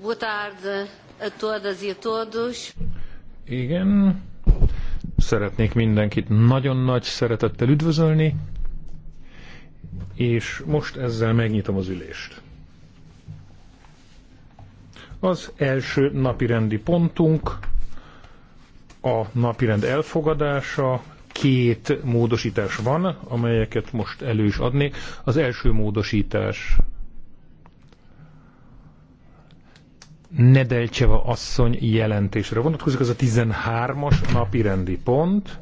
Boa tarde a todas e a todos. Igen. Szeretnék mindenkit nagyon nagy szeretettel üdvözölni, és most ezzel megnyitom az ülést. Az első napirendi pontunk a napirend elfogadása, két módosítás van, amelyeket most elő is adnék. Az első módosítás Nedelcseva asszony jelentésre vonatkozik, az a 13-as napi rendi pont.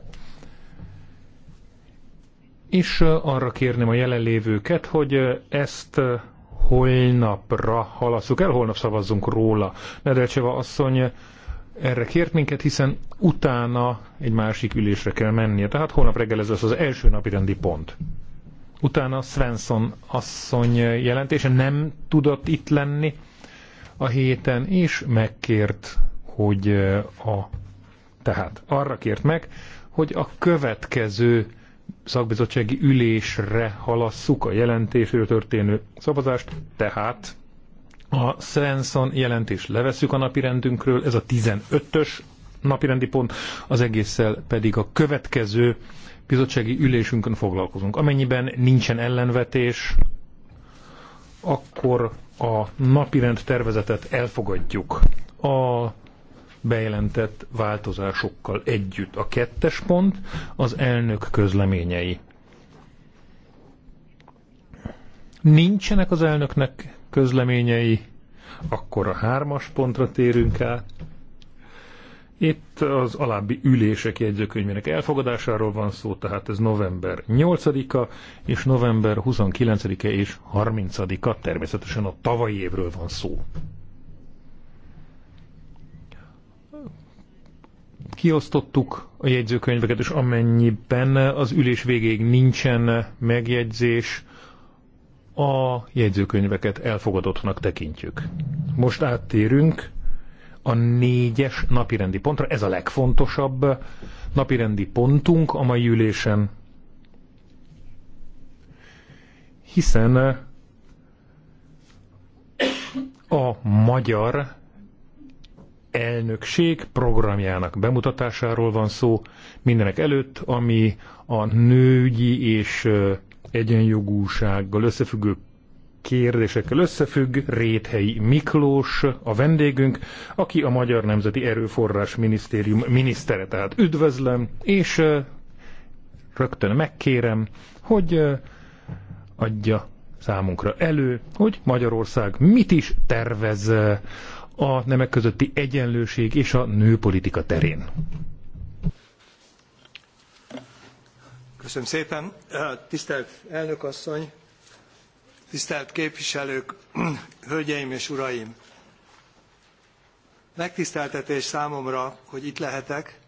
És arra kérném a jelenlévőket, hogy ezt holnapra halasszuk el, holnap szavazzunk róla. Nedelcseva asszony erre kért minket, hiszen utána egy másik ülésre kell mennie. Tehát holnap reggel ez lesz az első napi rendi pont. Utána Svensson asszony jelentése nem tudott itt lenni, a héten, és megkért, hogy a, tehát arra kért meg, hogy a következő szakbizottsági ülésre halasszuk a jelentésről történő szavazást, tehát a Svensson jelentés levesszük a napirendünkről, ez a 15-ös napirendi pont, az egésszel pedig a következő bizottsági ülésünkön foglalkozunk. Amennyiben nincsen ellenvetés, akkor a napirend tervezetet elfogadjuk a bejelentett változásokkal együtt. A kettes pont az elnök közleményei. Nincsenek az elnöknek közleményei, akkor a hármas pontra térünk el. Itt az alábbi ülések jegyzőkönyvének elfogadásáról van szó, tehát ez november 8-a és november 29-e és 30-a, természetesen a tavalyi évről van szó. Kiosztottuk a jegyzőkönyveket, és amennyiben az ülés végéig nincsen megjegyzés, a jegyzőkönyveket elfogadottnak tekintjük. Most áttérünk a négyes napirendi pontra. Ez a legfontosabb napirendi pontunk a mai ülésen. Hiszen a magyar elnökség programjának bemutatásáról van szó mindenek előtt, ami a nőgyi és egyenjogúsággal összefüggő kérdésekkel összefügg Réthelyi Miklós, a vendégünk, aki a Magyar Nemzeti Erőforrás Minisztérium minisztere. Tehát üdvözlöm, és rögtön megkérem, hogy adja számunkra elő, hogy Magyarország mit is tervez a nemek közötti egyenlőség és a nőpolitika terén. Köszönöm szépen. Tisztelt elnök asszony, Tisztelt képviselők, hölgyeim és uraim! Megtiszteltetés számomra, hogy itt lehetek,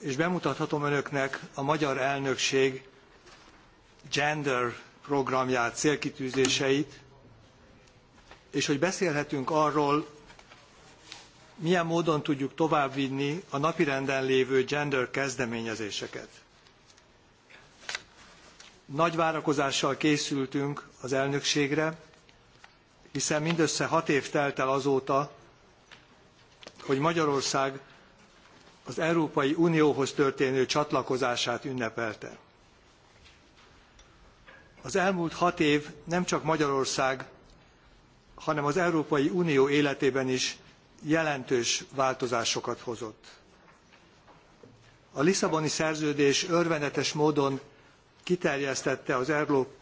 és bemutathatom önöknek a magyar elnökség gender programját, célkitűzéseit, és hogy beszélhetünk arról, milyen módon tudjuk továbbvinni a napirenden lévő gender kezdeményezéseket. Nagy várakozással készültünk az elnökségre, hiszen mindössze hat év telt el azóta, hogy Magyarország az Európai Unióhoz történő csatlakozását ünnepelte. Az elmúlt hat év nem csak Magyarország, hanem az Európai Unió életében is jelentős változásokat hozott. A Lisszaboni szerződés örvenetes módon kiterjesztette az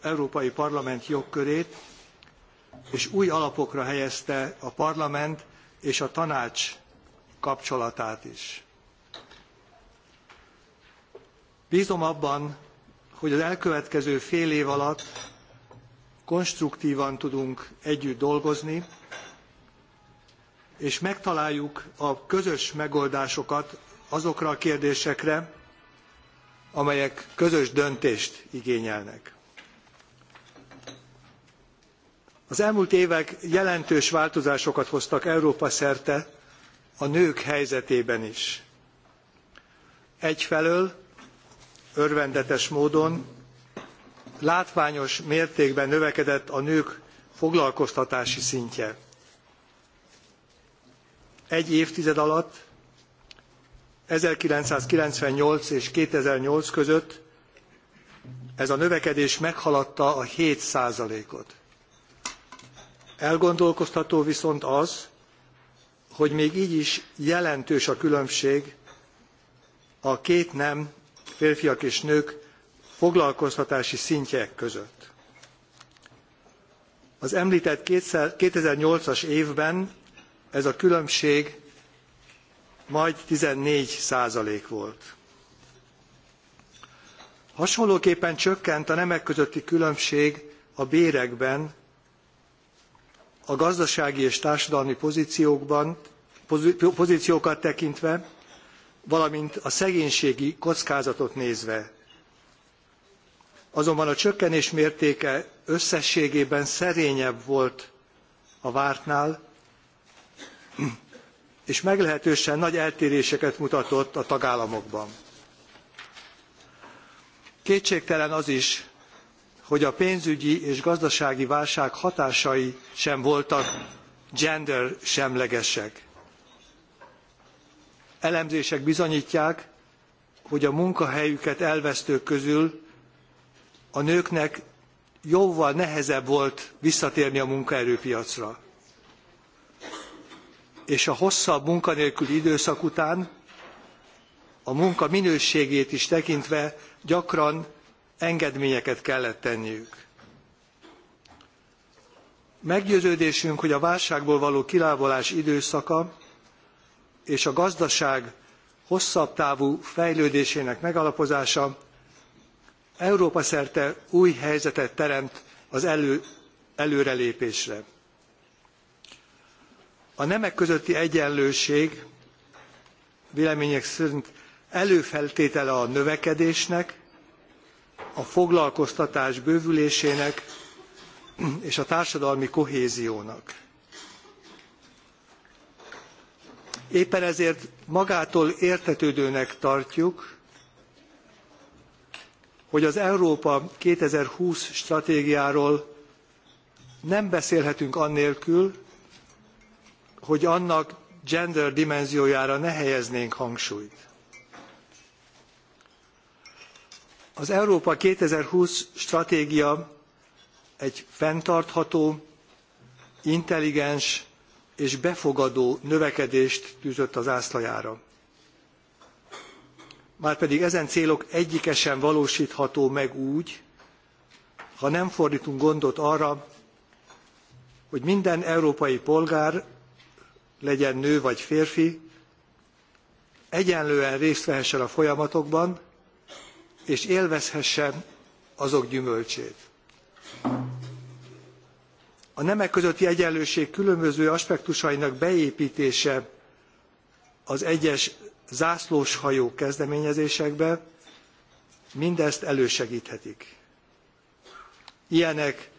Európai Parlament jogkörét, és új alapokra helyezte a parlament és a tanács kapcsolatát is. Bízom abban, hogy az elkövetkező fél év alatt konstruktívan tudunk együtt dolgozni, és megtaláljuk a közös megoldásokat azokra a kérdésekre, amelyek közös döntést igényelnek. Az elmúlt évek jelentős változásokat hoztak Európa szerte a nők helyzetében is. Egyfelől örvendetes módon látványos mértékben növekedett a nők foglalkoztatási szintje. Egy évtized alatt 1998 és 2008 között ez a növekedés meghaladta a 7 ot elgondolkodtató viszont az, hogy még így is jelentős a különbség a két nem, férfiak és nők foglalkoztatási szintje között. Az említett 2008-as évben ez a különbség majd 14 százalék volt. Hasonlóképpen csökkent a nemek közötti különbség a bérekben, a gazdasági és társadalmi pozíciókban, pozíciókat tekintve, valamint a szegénységi kockázatot nézve. Azonban a csökkenés mértéke összességében szerényebb volt a vártnál, és meglehetősen nagy eltéréseket mutatott a tagállamokban. Kétségtelen az is, hogy a pénzügyi és gazdasági válság hatásai sem voltak gender semlegesek. Elemzések bizonyítják, hogy a munkahelyüket elvesztők közül a nőknek jóval nehezebb volt visszatérni a munkaerőpiacra és a hosszabb munkanélküli időszak után a munka minőségét is tekintve gyakran engedményeket kellett tenniük. Meggyőződésünk, hogy a válságból való kilábalás időszaka és a gazdaság hosszabb távú fejlődésének megalapozása Európa szerte új helyzetet teremt az elő, előrelépésre. A nemek közötti egyenlőség vélemények szerint előfeltétele a növekedésnek, a foglalkoztatás bővülésének és a társadalmi kohéziónak. Éppen ezért magától értetődőnek tartjuk, hogy az Európa 2020 stratégiáról nem beszélhetünk annélkül, hogy annak gender dimenziójára ne helyeznénk hangsúlyt. Az Európa 2020 stratégia egy fenntartható, intelligens és befogadó növekedést tűzött az ászlajára. Márpedig ezen célok egyike sem valósítható meg úgy, ha nem fordítunk gondot arra, hogy minden európai polgár legyen nő vagy férfi, egyenlően részt vehessen a folyamatokban, és élvezhessen azok gyümölcsét. A nemek közötti egyenlőség különböző aspektusainak beépítése az egyes zászlóshajó kezdeményezésekbe mindezt elősegíthetik. Ilyenek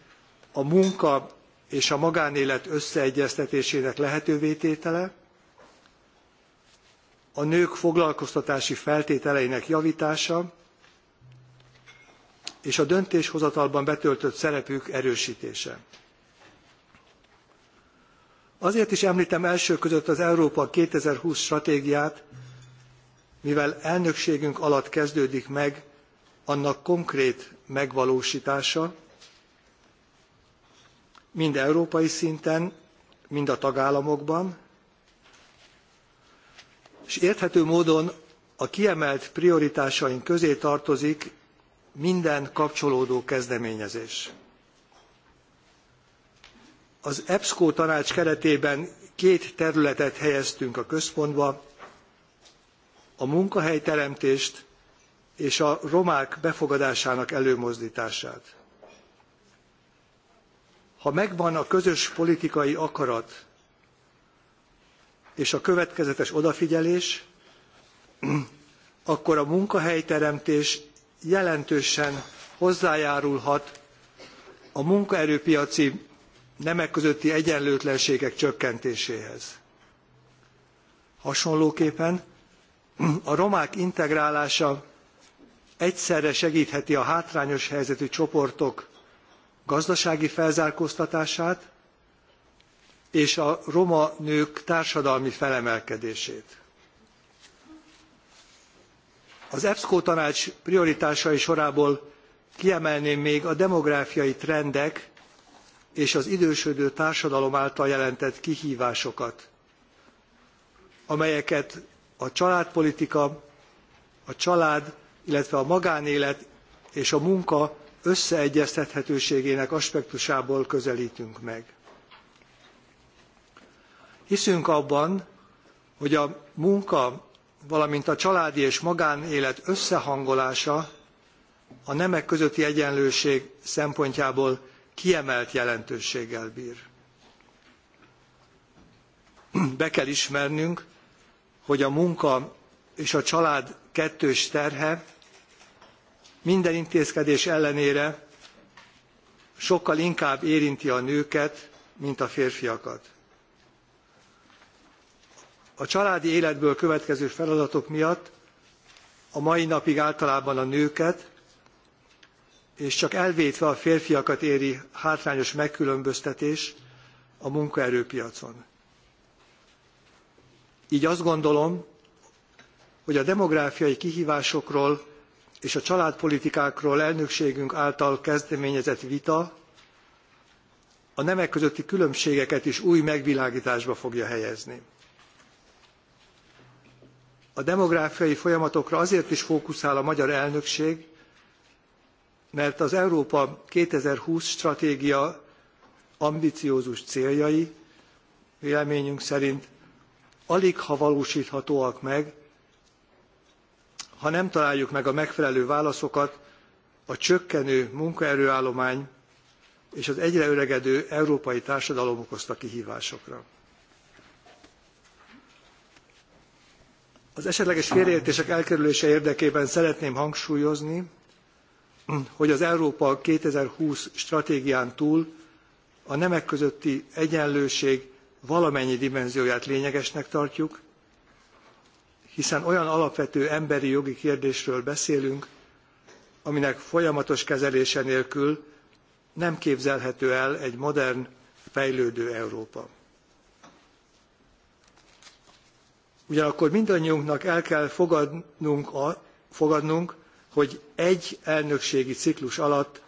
a munka és a magánélet összeegyeztetésének lehetővé tétele, a nők foglalkoztatási feltételeinek javítása és a döntéshozatalban betöltött szerepük erősítése. Azért is említem első között az Európa 2020 stratégiát, mivel elnökségünk alatt kezdődik meg annak konkrét megvalósítása, mind európai szinten, mind a tagállamokban, és érthető módon a kiemelt prioritásaink közé tartozik minden kapcsolódó kezdeményezés. Az EBSCO tanács keretében két területet helyeztünk a központba, a munkahelyteremtést és a romák befogadásának előmozdítását. Ha megvan a közös politikai akarat és a következetes odafigyelés, akkor a munkahelyteremtés jelentősen hozzájárulhat a munkaerőpiaci nemek közötti egyenlőtlenségek csökkentéséhez. Hasonlóképpen a romák integrálása egyszerre segítheti a hátrányos helyzetű csoportok gazdasági felzárkóztatását és a roma nők társadalmi felemelkedését. Az EBSCO tanács prioritásai sorából kiemelném még a demográfiai trendek és az idősödő társadalom által jelentett kihívásokat, amelyeket a családpolitika, a család, illetve a magánélet és a munka összeegyeztethetőségének aspektusából közelítünk meg. Hiszünk abban, hogy a munka, valamint a családi és magánélet összehangolása a nemek közötti egyenlőség szempontjából kiemelt jelentőséggel bír. Be kell ismernünk, hogy a munka és a család kettős terhe minden intézkedés ellenére sokkal inkább érinti a nőket, mint a férfiakat. A családi életből következő feladatok miatt a mai napig általában a nőket, és csak elvétve a férfiakat éri hátrányos megkülönböztetés a munkaerőpiacon. Így azt gondolom, hogy a demográfiai kihívásokról és a családpolitikákról elnökségünk által kezdeményezett vita a nemek közötti különbségeket is új megvilágításba fogja helyezni. A demográfiai folyamatokra azért is fókuszál a magyar elnökség, mert az Európa 2020 stratégia ambiciózus céljai véleményünk szerint alig ha valósíthatóak meg ha nem találjuk meg a megfelelő válaszokat a csökkenő munkaerőállomány és az egyre öregedő európai társadalom okozta kihívásokra. Az esetleges félreértések elkerülése érdekében szeretném hangsúlyozni, hogy az Európa 2020 stratégián túl a nemek közötti egyenlőség valamennyi dimenzióját lényegesnek tartjuk, hiszen olyan alapvető emberi jogi kérdésről beszélünk, aminek folyamatos kezelése nélkül nem képzelhető el egy modern, fejlődő Európa. Ugyanakkor mindannyiunknak el kell fogadnunk, a, fogadnunk, hogy egy elnökségi ciklus alatt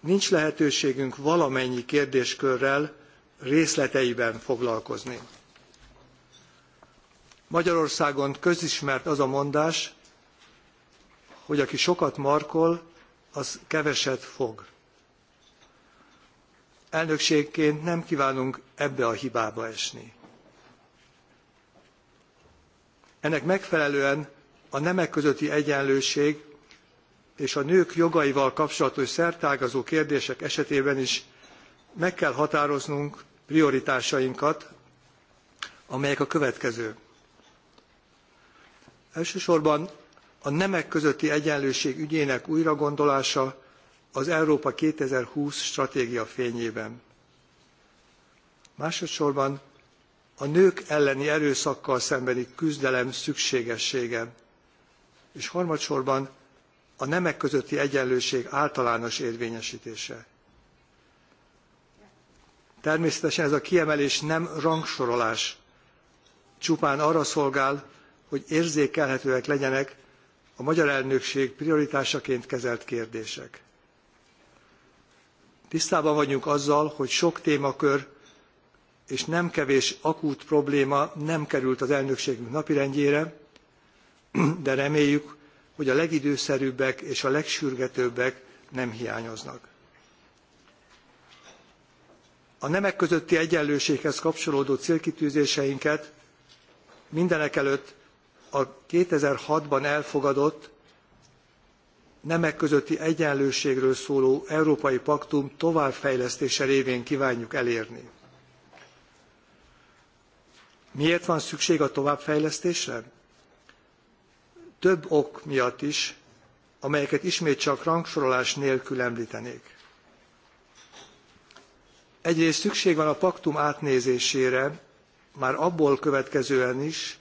nincs lehetőségünk valamennyi kérdéskörrel részleteiben foglalkozni. Magyarországon közismert az a mondás, hogy aki sokat markol, az keveset fog. Elnökségként nem kívánunk ebbe a hibába esni. Ennek megfelelően a nemek közötti egyenlőség és a nők jogaival kapcsolatos szertágazó kérdések esetében is meg kell határoznunk prioritásainkat, amelyek a következők Elsősorban a nemek közötti egyenlőség ügyének újragondolása az Európa 2020 stratégia fényében. Másodszorban a nők elleni erőszakkal szembeni küzdelem szükségessége, és harmadsorban a nemek közötti egyenlőség általános érvényesítése. Természetesen ez a kiemelés nem rangsorolás, csupán arra szolgál, hogy érzékelhetőek legyenek a magyar elnökség prioritásaként kezelt kérdések. Tisztában vagyunk azzal, hogy sok témakör és nem kevés akút probléma nem került az elnökségünk napirendjére, de reméljük, hogy a legidőszerűbbek és a legsürgetőbbek nem hiányoznak. A nemek közötti egyenlőséghez kapcsolódó célkitűzéseinket mindenekelőtt a 2006-ban elfogadott nemek közötti egyenlőségről szóló Európai Paktum továbbfejlesztése révén kívánjuk elérni. Miért van szükség a továbbfejlesztésre? Több ok miatt is, amelyeket ismét csak rangsorolás nélkül említenék. Egyrészt szükség van a paktum átnézésére, már abból következően is,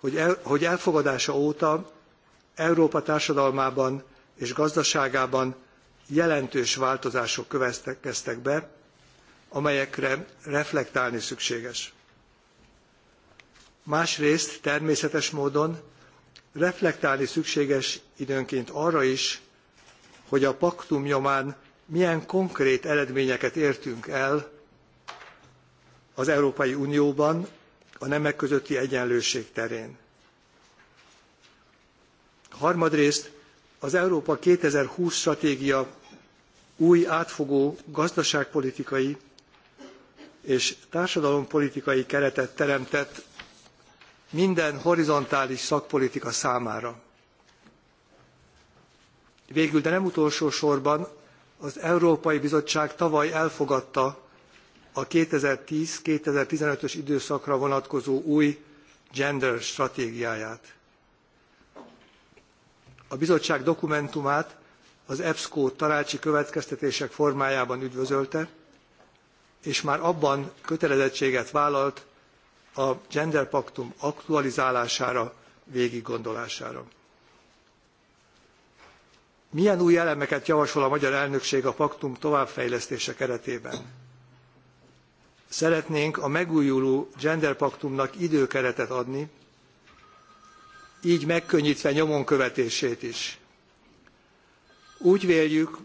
hogy, el, hogy elfogadása óta Európa társadalmában és gazdaságában jelentős változások következtek be, amelyekre reflektálni szükséges. Másrészt természetes módon reflektálni szükséges időnként arra is, hogy a paktum nyomán milyen konkrét eredményeket értünk el az Európai Unióban a nemek közötti egyenlőség terén. Harmadrészt az Európa 2020 stratégia új átfogó gazdaságpolitikai és társadalompolitikai keretet teremtett minden horizontális szakpolitika számára. Végül, de nem utolsó sorban, az Európai Bizottság tavaly elfogadta a 2010-2015-ös időszakra vonatkozó új gender stratégiáját. A bizottság dokumentumát az EBSCO tanácsi következtetések formájában üdvözölte, és már abban kötelezettséget vállalt a gender paktum aktualizálására, végiggondolására. Milyen új elemeket javasol a magyar elnökség a paktum továbbfejlesztése keretében? Szeretnénk a megújuló genderpaktumnak időkeretet adni, így megkönnyítve nyomon követését is. Úgy véljük,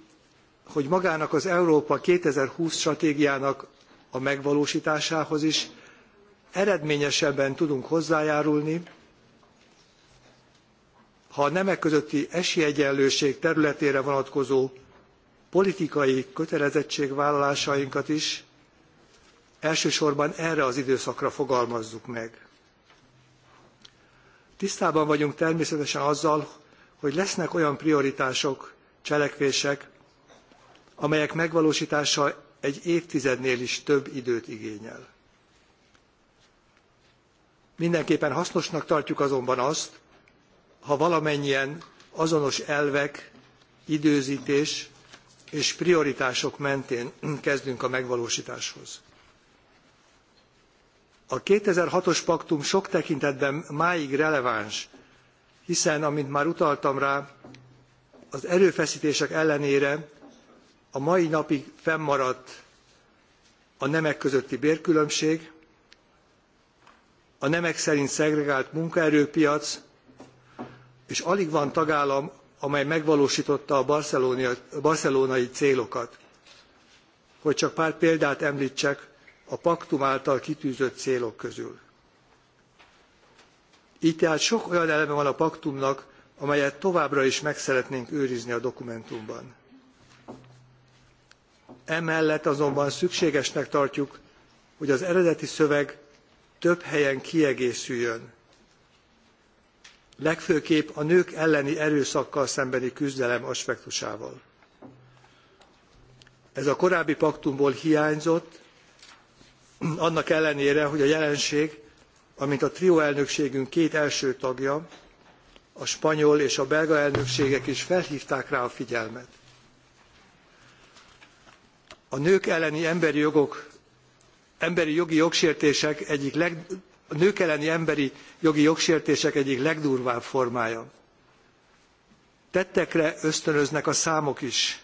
hogy magának az Európa 2020 stratégiának a megvalósításához is eredményesebben tudunk hozzájárulni, ha a nemek közötti esélyegyenlőség területére vonatkozó politikai kötelezettségvállalásainkat is elsősorban erre az időszakra fogalmazzuk meg. Tisztában vagyunk természetesen azzal, hogy lesznek olyan prioritások, cselekvések, amelyek megvalósítása egy évtizednél is több időt igényel. Mindenképpen hasznosnak tartjuk azonban azt, ha valamennyien azonos elvek, időzítés és prioritások mentén kezdünk a megvalósításhoz. A 2006-os paktum sok tekintetben máig releváns, hiszen, amint már utaltam rá, az erőfeszítések ellenére a mai napig fennmaradt a nemek közötti bérkülönbség, a nemek szerint szegregált munkaerőpiac, és alig van tagállam, amely megvalósította a barcelonai célokat. Hogy csak pár példát említsek, a paktum által kitűzött célok közül. Így tehát sok olyan eleme van a paktumnak, amelyet továbbra is meg szeretnénk őrizni a dokumentumban. Emellett azonban szükségesnek tartjuk, hogy az eredeti szöveg több helyen kiegészüljön. Legfőképp a nők elleni erőszakkal szembeni küzdelem aspektusával. Ez a korábbi paktumból hiányzott, annak ellenére, hogy a jelenség, amint a trió elnökségünk két első tagja, a spanyol és a belga elnökségek is felhívták rá a figyelmet. A nők elleni emberi jogok, emberi jogi jogsértések egyik leg, a nők elleni emberi jogi jogsértések egyik legdurvább formája. Tettekre ösztönöznek a számok is.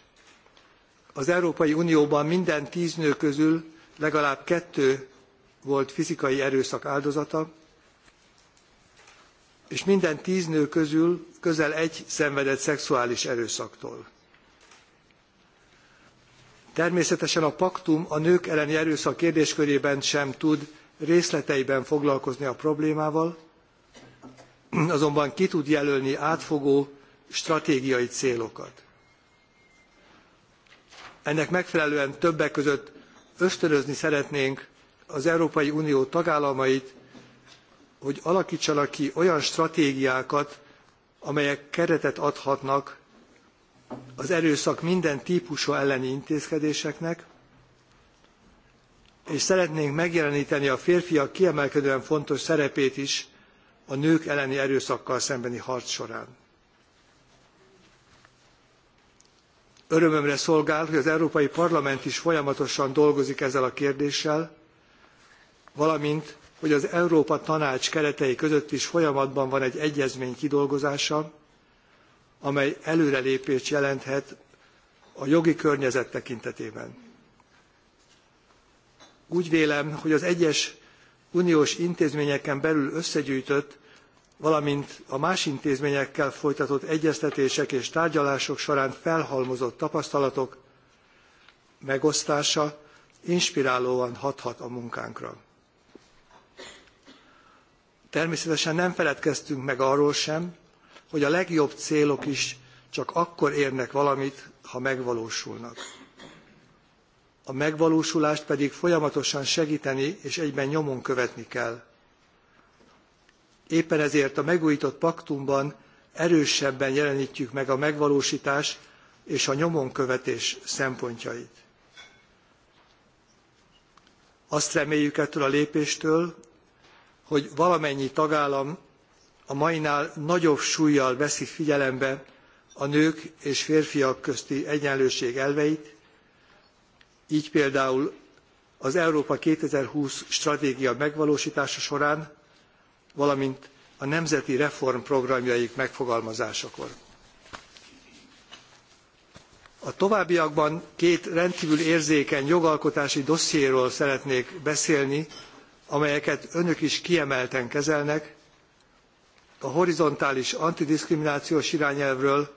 Az Európai Unióban minden tíz nő közül legalább kettő volt fizikai erőszak áldozata, és minden tíz nő közül közel egy szenvedett szexuális erőszaktól. Természetesen a paktum a nők elleni erőszak kérdéskörében sem tud részleteiben foglalkozni a problémával, azonban ki tud jelölni átfogó stratégiai célokat. Ennek megfelelően többek között ösztönözni szeretnénk az Európai Unió tagállamait, hogy alakítsanak ki olyan stratégiákat, amelyek keretet adhatnak az erőszak minden típusa elleni intézkedéseknek, és szeretnénk megjeleníteni a férfiak kiemelkedően fontos szerepét is a nők elleni erőszakkal szembeni harc során. Örömömre szolgál, hogy az Európai Parlament is folyamatosan dolgozik ezzel a kérdéssel, valamint, hogy az Európa Tanács keretei között is folyamatban van egy egyezmény kidolgozása, amely előrelépést jelenthet a jogi környezet tekintetében. Úgy vélem, hogy az egyes uniós intézményeken belül összegyűjtött valamint a más intézményekkel folytatott egyeztetések és tárgyalások során felhalmozott tapasztalatok megosztása inspirálóan hathat a munkánkra. Természetesen nem feledkeztünk meg arról sem, hogy a legjobb célok is csak akkor érnek valamit, ha megvalósulnak. A megvalósulást pedig folyamatosan segíteni és egyben nyomon követni kell – Éppen ezért a megújított paktumban erősebben jelenítjük meg a megvalósítás és a nyomonkövetés szempontjait. Azt reméljük ettől a lépéstől, hogy valamennyi tagállam a mainál nagyobb súlyjal veszi figyelembe a nők és férfiak közti egyenlőség elveit, így például az Európa 2020 stratégia megvalósítása során valamint a nemzeti reformprogramjaik megfogalmazásakor. A továbbiakban két rendkívül érzékeny jogalkotási dossziéről szeretnék beszélni, amelyeket önök is kiemelten kezelnek, a horizontális antidiszkriminációs irányelvről,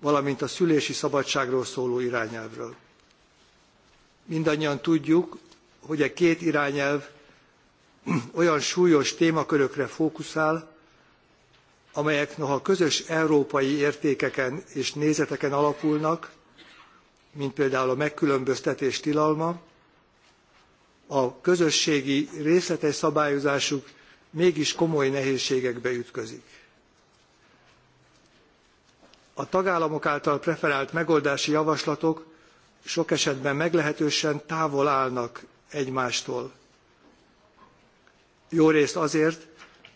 valamint a szülési szabadságról szóló irányelvről. Mindannyian tudjuk, hogy a e két irányelv olyan súlyos témakörökre fókuszál, amelyek noha közös európai értékeken és nézeteken alapulnak, mint például a megkülönböztetés tilalma, a közösségi részletes szabályozásuk mégis komoly nehézségekbe ütközik. A tagállamok által preferált megoldási javaslatok sok esetben meglehetősen távol állnak egymástól jórészt azért,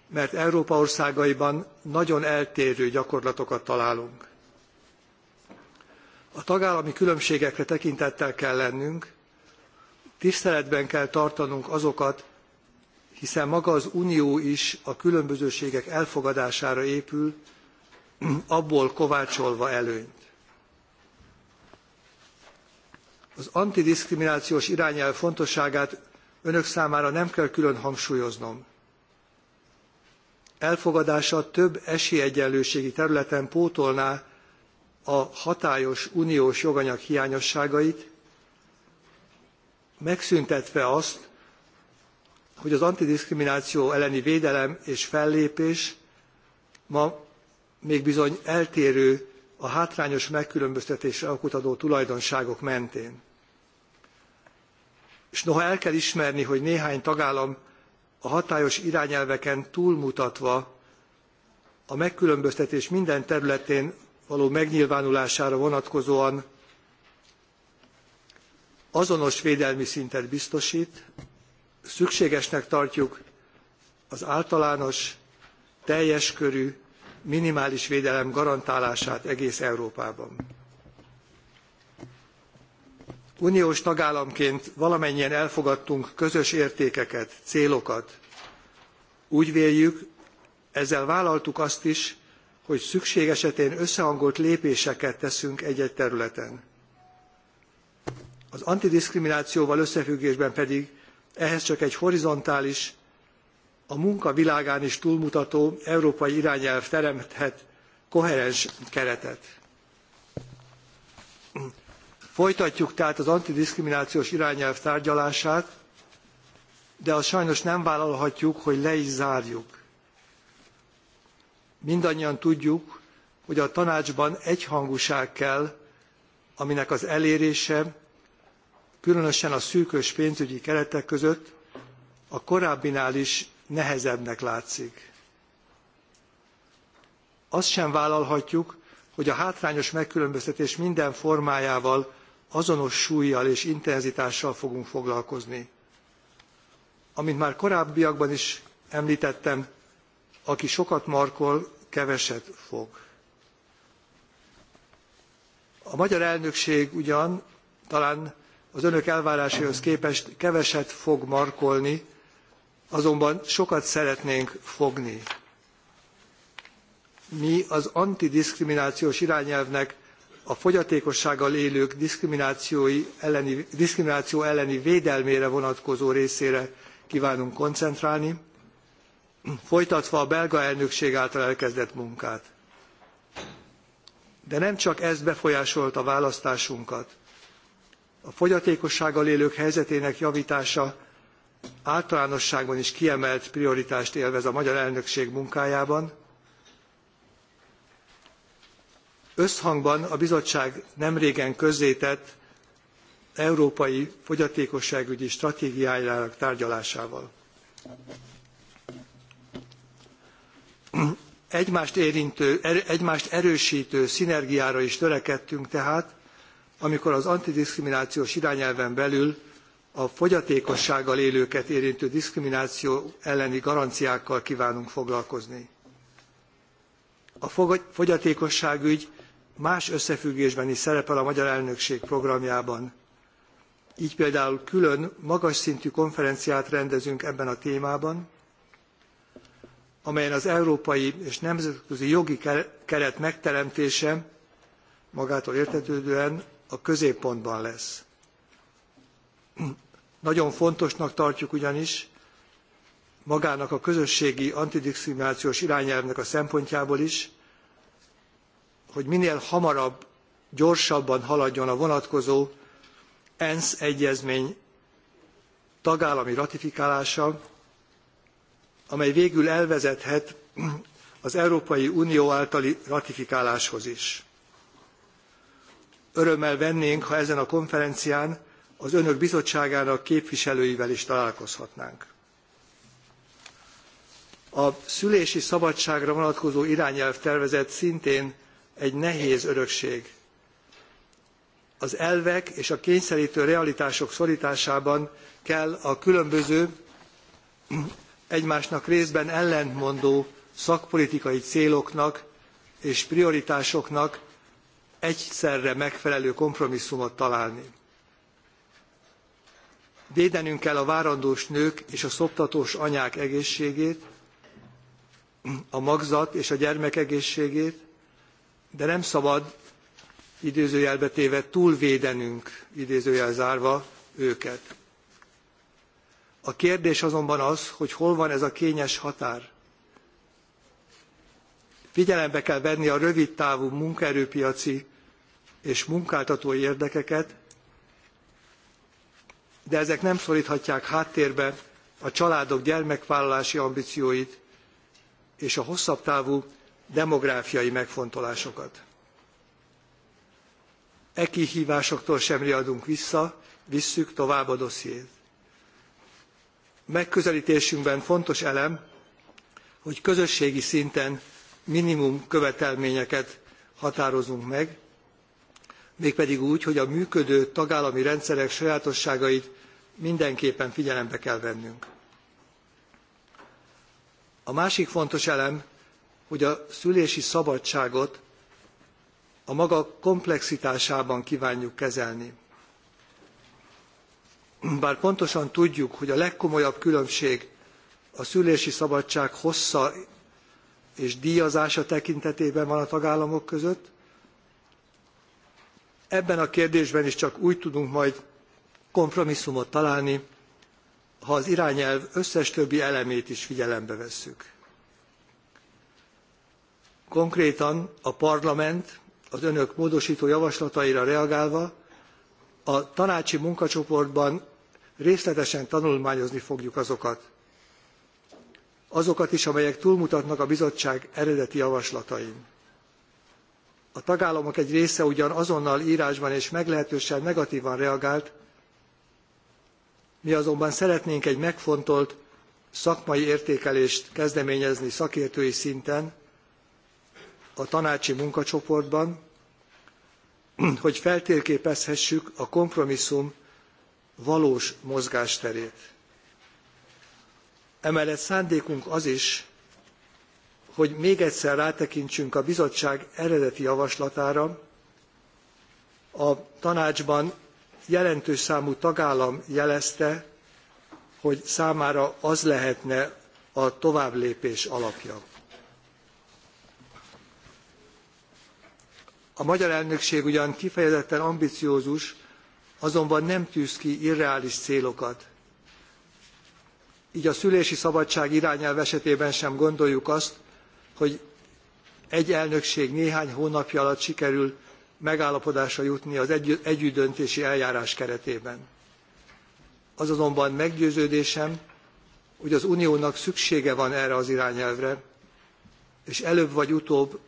mert Európa országaiban nagyon eltérő gyakorlatokat találunk. A tagállami különbségekre tekintettel kell lennünk, tiszteletben kell tartanunk azokat, hiszen maga az Unió is a különbözőségek elfogadására épül, abból kovácsolva előnyt. Az antidiszkriminációs irányelv fontosságát önök számára nem kell külön hangsúlyoznom. Elfogadása több esélyegyenlőségi területen pótolná a hatályos uniós joganyag hiányosságait, megszüntetve azt, hogy az antidiszkrimináció elleni védelem és fellépés ma még bizony eltérő a hátrányos megkülönböztetésre okutadó tulajdonságok mentén és noha el kell ismerni, hogy néhány tagállam a hatályos irányelveken túlmutatva a megkülönböztetés minden területén való megnyilvánulására vonatkozóan azonos védelmi szintet biztosít, szükségesnek tartjuk az általános, teljes körű, minimális védelem garantálását egész Európában uniós tagállamként valamennyien elfogadtunk közös értékeket, célokat. Úgy véljük, ezzel vállaltuk azt is, hogy szükség esetén összehangolt lépéseket teszünk egy-egy területen. Az antidiszkriminációval összefüggésben pedig ehhez csak egy horizontális, a munka világán is túlmutató európai irányelv teremthet koherens keretet. Folytatjuk tehát az antidiszkriminációs irányelv tárgyalását, de azt sajnos nem vállalhatjuk, hogy le is zárjuk. Mindannyian tudjuk, hogy a tanácsban egyhangúság kell, aminek az elérése, különösen a szűkös pénzügyi keretek között a korábbinál is nehezebbnek látszik. Azt sem vállalhatjuk, hogy a hátrányos megkülönböztetés minden formájával azonos súlyjal és intenzitással fogunk foglalkozni. Amint már korábbiakban is említettem, aki sokat markol, keveset fog. A magyar elnökség ugyan talán az önök elvárásaihoz képest keveset fog markolni, azonban sokat szeretnénk fogni. Mi az antidiszkriminációs irányelvnek a fogyatékossággal élők elleni, diszkrimináció elleni védelmére vonatkozó részére kívánunk koncentrálni, folytatva a belga elnökség által elkezdett munkát. De nem csak ez befolyásolta választásunkat. A fogyatékossággal élők helyzetének javítása általánosságban is kiemelt prioritást élvez a magyar elnökség munkájában, Összhangban a bizottság nemrégen közzétett európai fogyatékosságügyi stratégiájának tárgyalásával. Egymást, érintő, er, egymást erősítő szinergiára is törekedtünk tehát, amikor az antidiszkriminációs irányelven belül a fogyatékossággal élőket érintő diszkrimináció elleni garanciákkal kívánunk foglalkozni. A fogyatékosságügy más összefüggésben is szerepel a magyar elnökség programjában. Így például külön magas szintű konferenciát rendezünk ebben a témában, amelyen az európai és nemzetközi jogi keret megteremtése magától értetődően a középpontban lesz. Nagyon fontosnak tartjuk ugyanis magának a közösségi antidiszkriminációs irányelvnek a szempontjából is, hogy minél hamarabb, gyorsabban haladjon a vonatkozó ENSZ egyezmény tagállami ratifikálása, amely végül elvezethet az Európai Unió általi ratifikáláshoz is. Örömmel vennénk, ha ezen a konferencián az önök bizottságának képviselőivel is találkozhatnánk. A szülési szabadságra vonatkozó irányelv tervezet szintén egy nehéz örökség. Az elvek és a kényszerítő realitások szorításában kell a különböző, egymásnak részben ellentmondó szakpolitikai céloknak és prioritásoknak egyszerre megfelelő kompromisszumot találni. Védenünk kell a várandós nők és a szoptatós anyák egészségét, a magzat és a gyermek egészségét, de nem szabad idézőjelbe téve túlvédenünk, idézőjel zárva, őket. A kérdés azonban az, hogy hol van ez a kényes határ. Figyelembe kell venni a rövid távú munkaerőpiaci és munkáltatói érdekeket, de ezek nem szoríthatják háttérbe a családok gyermekvállalási ambícióit és a hosszabb távú demográfiai megfontolásokat. E kihívásoktól sem riadunk vissza, visszük tovább a dossziét. Megközelítésünkben fontos elem, hogy közösségi szinten minimum követelményeket határozunk meg, mégpedig úgy, hogy a működő tagállami rendszerek sajátosságait mindenképpen figyelembe kell vennünk. A másik fontos elem hogy a szülési szabadságot a maga komplexitásában kívánjuk kezelni. Bár pontosan tudjuk, hogy a legkomolyabb különbség a szülési szabadság hossza és díjazása tekintetében van a tagállamok között, ebben a kérdésben is csak úgy tudunk majd kompromisszumot találni, ha az irányelv összes többi elemét is figyelembe vesszük. Konkrétan a parlament az önök módosító javaslataira reagálva a tanácsi munkacsoportban részletesen tanulmányozni fogjuk azokat. Azokat is, amelyek túlmutatnak a bizottság eredeti javaslatain. A tagállamok egy része ugyan azonnal írásban és meglehetősen negatívan reagált, mi azonban szeretnénk egy megfontolt szakmai értékelést kezdeményezni szakértői szinten, a tanácsi munkacsoportban, hogy feltérképezhessük a kompromisszum valós mozgásterét. Emellett szándékunk az is, hogy még egyszer rátekintsünk a bizottság eredeti javaslatára, a tanácsban jelentős számú tagállam jelezte, hogy számára az lehetne a továbblépés alapja. A magyar elnökség ugyan kifejezetten ambiciózus, azonban nem tűz ki irreális célokat. Így a szülési szabadság irányelv esetében sem gondoljuk azt, hogy egy elnökség néhány hónapja alatt sikerül megállapodásra jutni az együttdöntési eljárás keretében. Az azonban meggyőződésem, hogy az uniónak szüksége van erre az irányelvre, és előbb vagy utóbb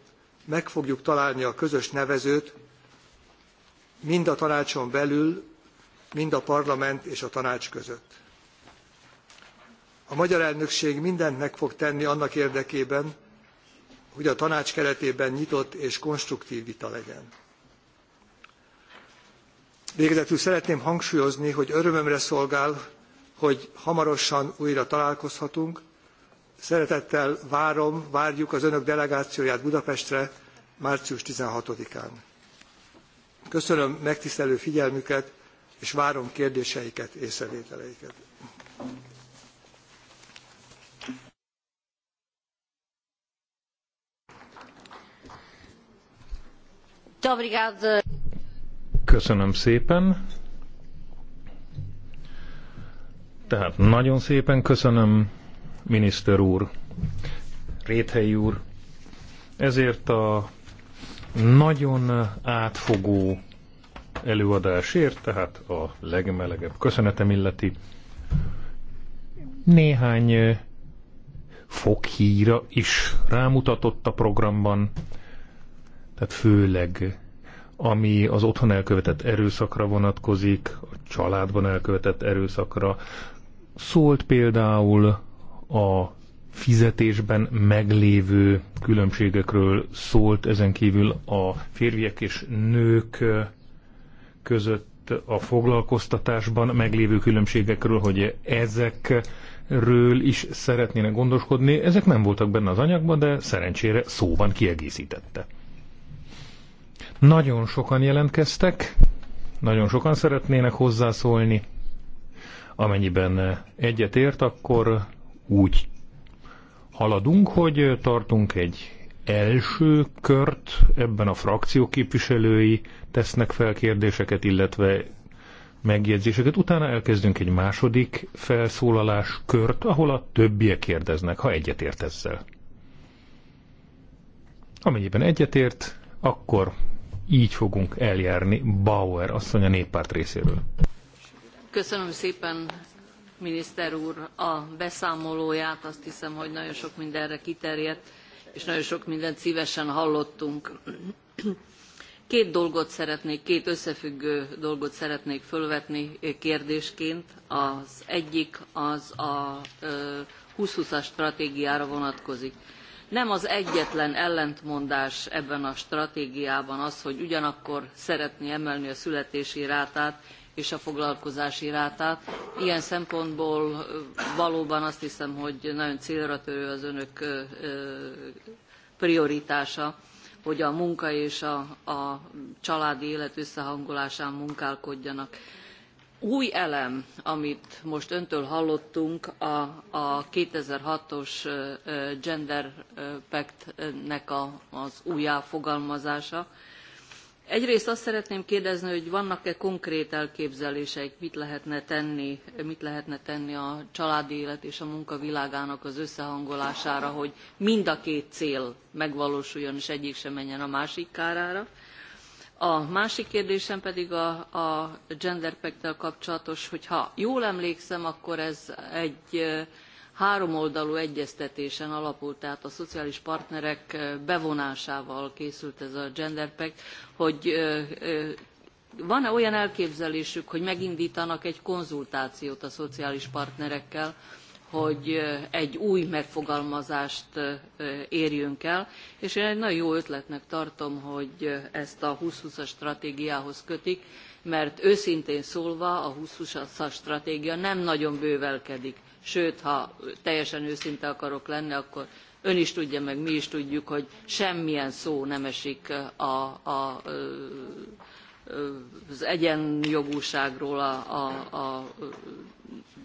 meg fogjuk találni a közös nevezőt mind a tanácson belül, mind a parlament és a tanács között. A magyar elnökség mindent meg fog tenni annak érdekében, hogy a tanács keretében nyitott és konstruktív vita legyen. Végezetül szeretném hangsúlyozni, hogy örömömre szolgál, hogy hamarosan újra találkozhatunk, Szeretettel várom, várjuk az önök delegációját Budapestre március 16-án. Köszönöm megtisztelő figyelmüket, és várom kérdéseiket, észrevételeiket. Köszönöm szépen. Tehát nagyon szépen köszönöm miniszter úr, Réthelyi úr, ezért a nagyon átfogó előadásért, tehát a legmelegebb köszönetem illeti. Néhány fokhíra is rámutatott a programban, tehát főleg ami az otthon elkövetett erőszakra vonatkozik, a családban elkövetett erőszakra. Szólt például a fizetésben meglévő különbségekről szólt, ezen kívül a férfiak és nők között a foglalkoztatásban meglévő különbségekről, hogy ezekről is szeretnének gondoskodni. Ezek nem voltak benne az anyagban, de szerencsére szóban kiegészítette. Nagyon sokan jelentkeztek, nagyon sokan szeretnének hozzászólni. Amennyiben egyetért, akkor úgy haladunk, hogy tartunk egy első kört, ebben a frakció képviselői tesznek fel kérdéseket, illetve megjegyzéseket. Utána elkezdünk egy második felszólalás kört, ahol a többiek kérdeznek, ha egyetért ezzel. Amennyiben egyetért, akkor így fogunk eljárni Bauer asszony a néppárt részéről. Köszönöm szépen miniszter úr a beszámolóját, azt hiszem, hogy nagyon sok mindenre kiterjedt, és nagyon sok mindent szívesen hallottunk. Két dolgot szeretnék, két összefüggő dolgot szeretnék fölvetni kérdésként. Az egyik az a 2020-as stratégiára vonatkozik. Nem az egyetlen ellentmondás ebben a stratégiában az, hogy ugyanakkor szeretné emelni a születési rátát, és a foglalkozási rátát. Ilyen szempontból valóban azt hiszem, hogy nagyon célra törő az önök prioritása, hogy a munka és a, a családi élet összehangolásán munkálkodjanak. Új elem, amit most öntől hallottunk, a, a 2006-os Gender Pact-nek a, az újjáfogalmazása, fogalmazása Egyrészt azt szeretném kérdezni, hogy vannak-e konkrét elképzeléseik, mit lehetne tenni, mit lehetne tenni a családi élet és a munka világának az összehangolására, hogy mind a két cél megvalósuljon, és egyik sem menjen a másik kárára. A másik kérdésem pedig a, a gender pact kapcsolatos, hogyha jól emlékszem, akkor ez egy háromoldalú egyeztetésen alapult, tehát a szociális partnerek bevonásával készült ez a Gender Pact, hogy van-e olyan elképzelésük, hogy megindítanak egy konzultációt a szociális partnerekkel, hogy egy új megfogalmazást érjünk el, és én egy nagyon jó ötletnek tartom, hogy ezt a 2020-as stratégiához kötik, mert őszintén szólva a 2020-as stratégia nem nagyon bővelkedik sőt, ha teljesen őszinte akarok lenni, akkor ön is tudja, meg mi is tudjuk, hogy semmilyen szó nem esik a, a az egyenjogúságról, a, a, a,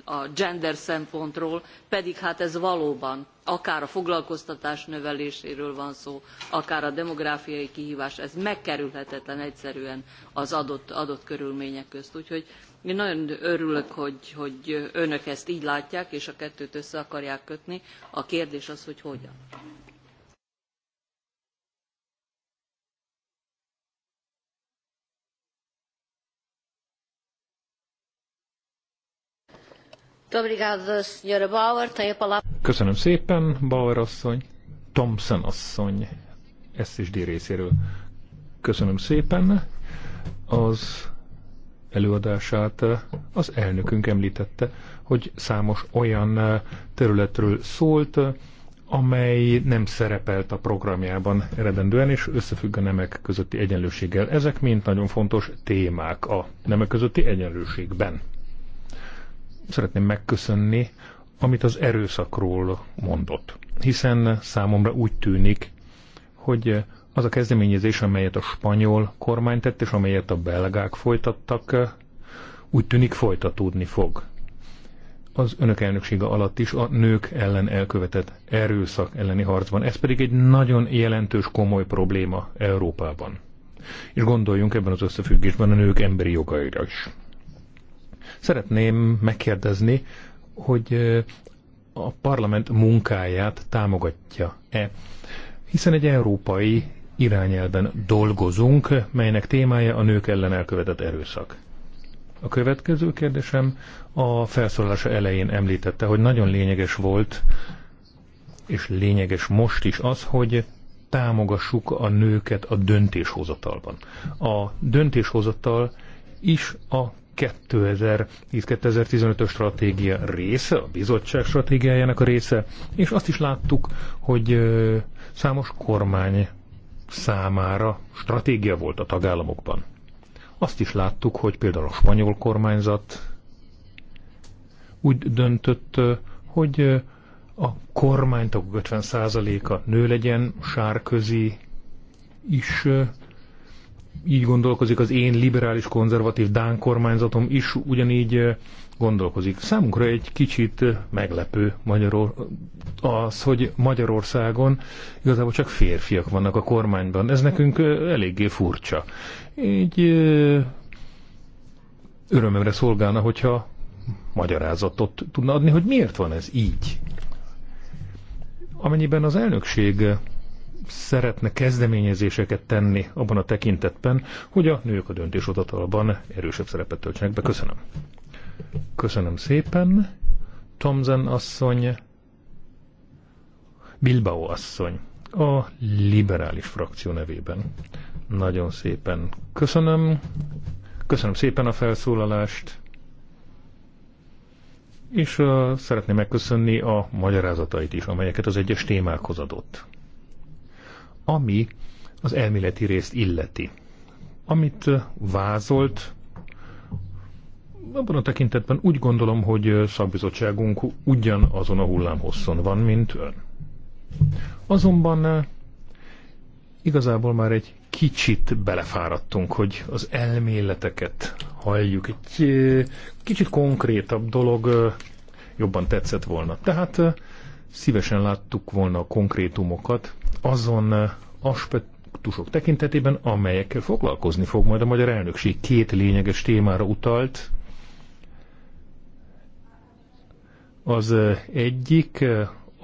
a gender szempontról, pedig hát ez valóban akár a foglalkoztatás növeléséről van szó, akár a demográfiai kihívás, ez megkerülhetetlen egyszerűen az adott, adott körülmények közt. Úgyhogy én nagyon örülök, hogy, hogy önök ezt így látják, és a kettőt össze akarják kötni. A kérdés az, hogy hogyan. Köszönöm szépen, Bauer asszony. Thompson asszony, ezt is D részéről. Köszönöm szépen. Az előadását az elnökünk említette, hogy számos olyan területről szólt, amely nem szerepelt a programjában eredendően, és összefügg a nemek közötti egyenlőséggel. Ezek mind nagyon fontos témák a nemek közötti egyenlőségben. Szeretném megköszönni, amit az erőszakról mondott, hiszen számomra úgy tűnik, hogy az a kezdeményezés, amelyet a spanyol kormány tett, és amelyet a belgák folytattak, úgy tűnik folytatódni fog. Az önök elnöksége alatt is a nők ellen elkövetett erőszak elleni harcban. Ez pedig egy nagyon jelentős, komoly probléma Európában. És gondoljunk ebben az összefüggésben a nők emberi jogaira is. Szeretném megkérdezni, hogy eh, a parlament munkáját támogatja-e? Hiszen egy európai irányelben dolgozunk, melynek témája a nők ellen elkövetett erőszak. A következő kérdésem a felszólalása elején említette, hogy nagyon lényeges volt, és lényeges most is az, hogy támogassuk a nőket a döntéshozatalban. A döntéshozatal is a 2010-2015-ös stratégia része, a bizottság stratégiájának a része, és azt is láttuk, hogy számos kormány számára stratégia volt a tagállamokban. Azt is láttuk, hogy például a spanyol kormányzat úgy döntött, hogy a kormánytok 50%-a nő legyen, sárközi is így gondolkozik az én liberális konzervatív Dán kormányzatom is ugyanígy gondolkozik. Számunkra egy kicsit meglepő Magyaror, az, hogy Magyarországon igazából csak férfiak vannak a kormányban. Ez nekünk eléggé furcsa. Így örömömre szolgálna, hogyha magyarázatot tudna adni, hogy miért van ez így. Amennyiben az elnökség szeretne kezdeményezéseket tenni abban a tekintetben, hogy a nők a döntéshozatalban erősebb szerepet töltsenek be. Köszönöm. Köszönöm szépen. Tomzen asszony, Bilbao asszony, a liberális frakció nevében. Nagyon szépen köszönöm. Köszönöm szépen a felszólalást. És uh, szeretném megköszönni a magyarázatait is, amelyeket az egyes témákhoz adott. Ami az elméleti részt illeti. Amit vázolt, abban a tekintetben úgy gondolom, hogy szakbizottságunk azon a hullámhosszon van, mint ön. Azonban igazából már egy kicsit belefáradtunk, hogy az elméleteket halljuk. Egy kicsit konkrétabb dolog jobban tetszett volna. Tehát szívesen láttuk volna a konkrétumokat azon aspektusok tekintetében, amelyekkel foglalkozni fog majd a magyar elnökség. Két lényeges témára utalt, Az egyik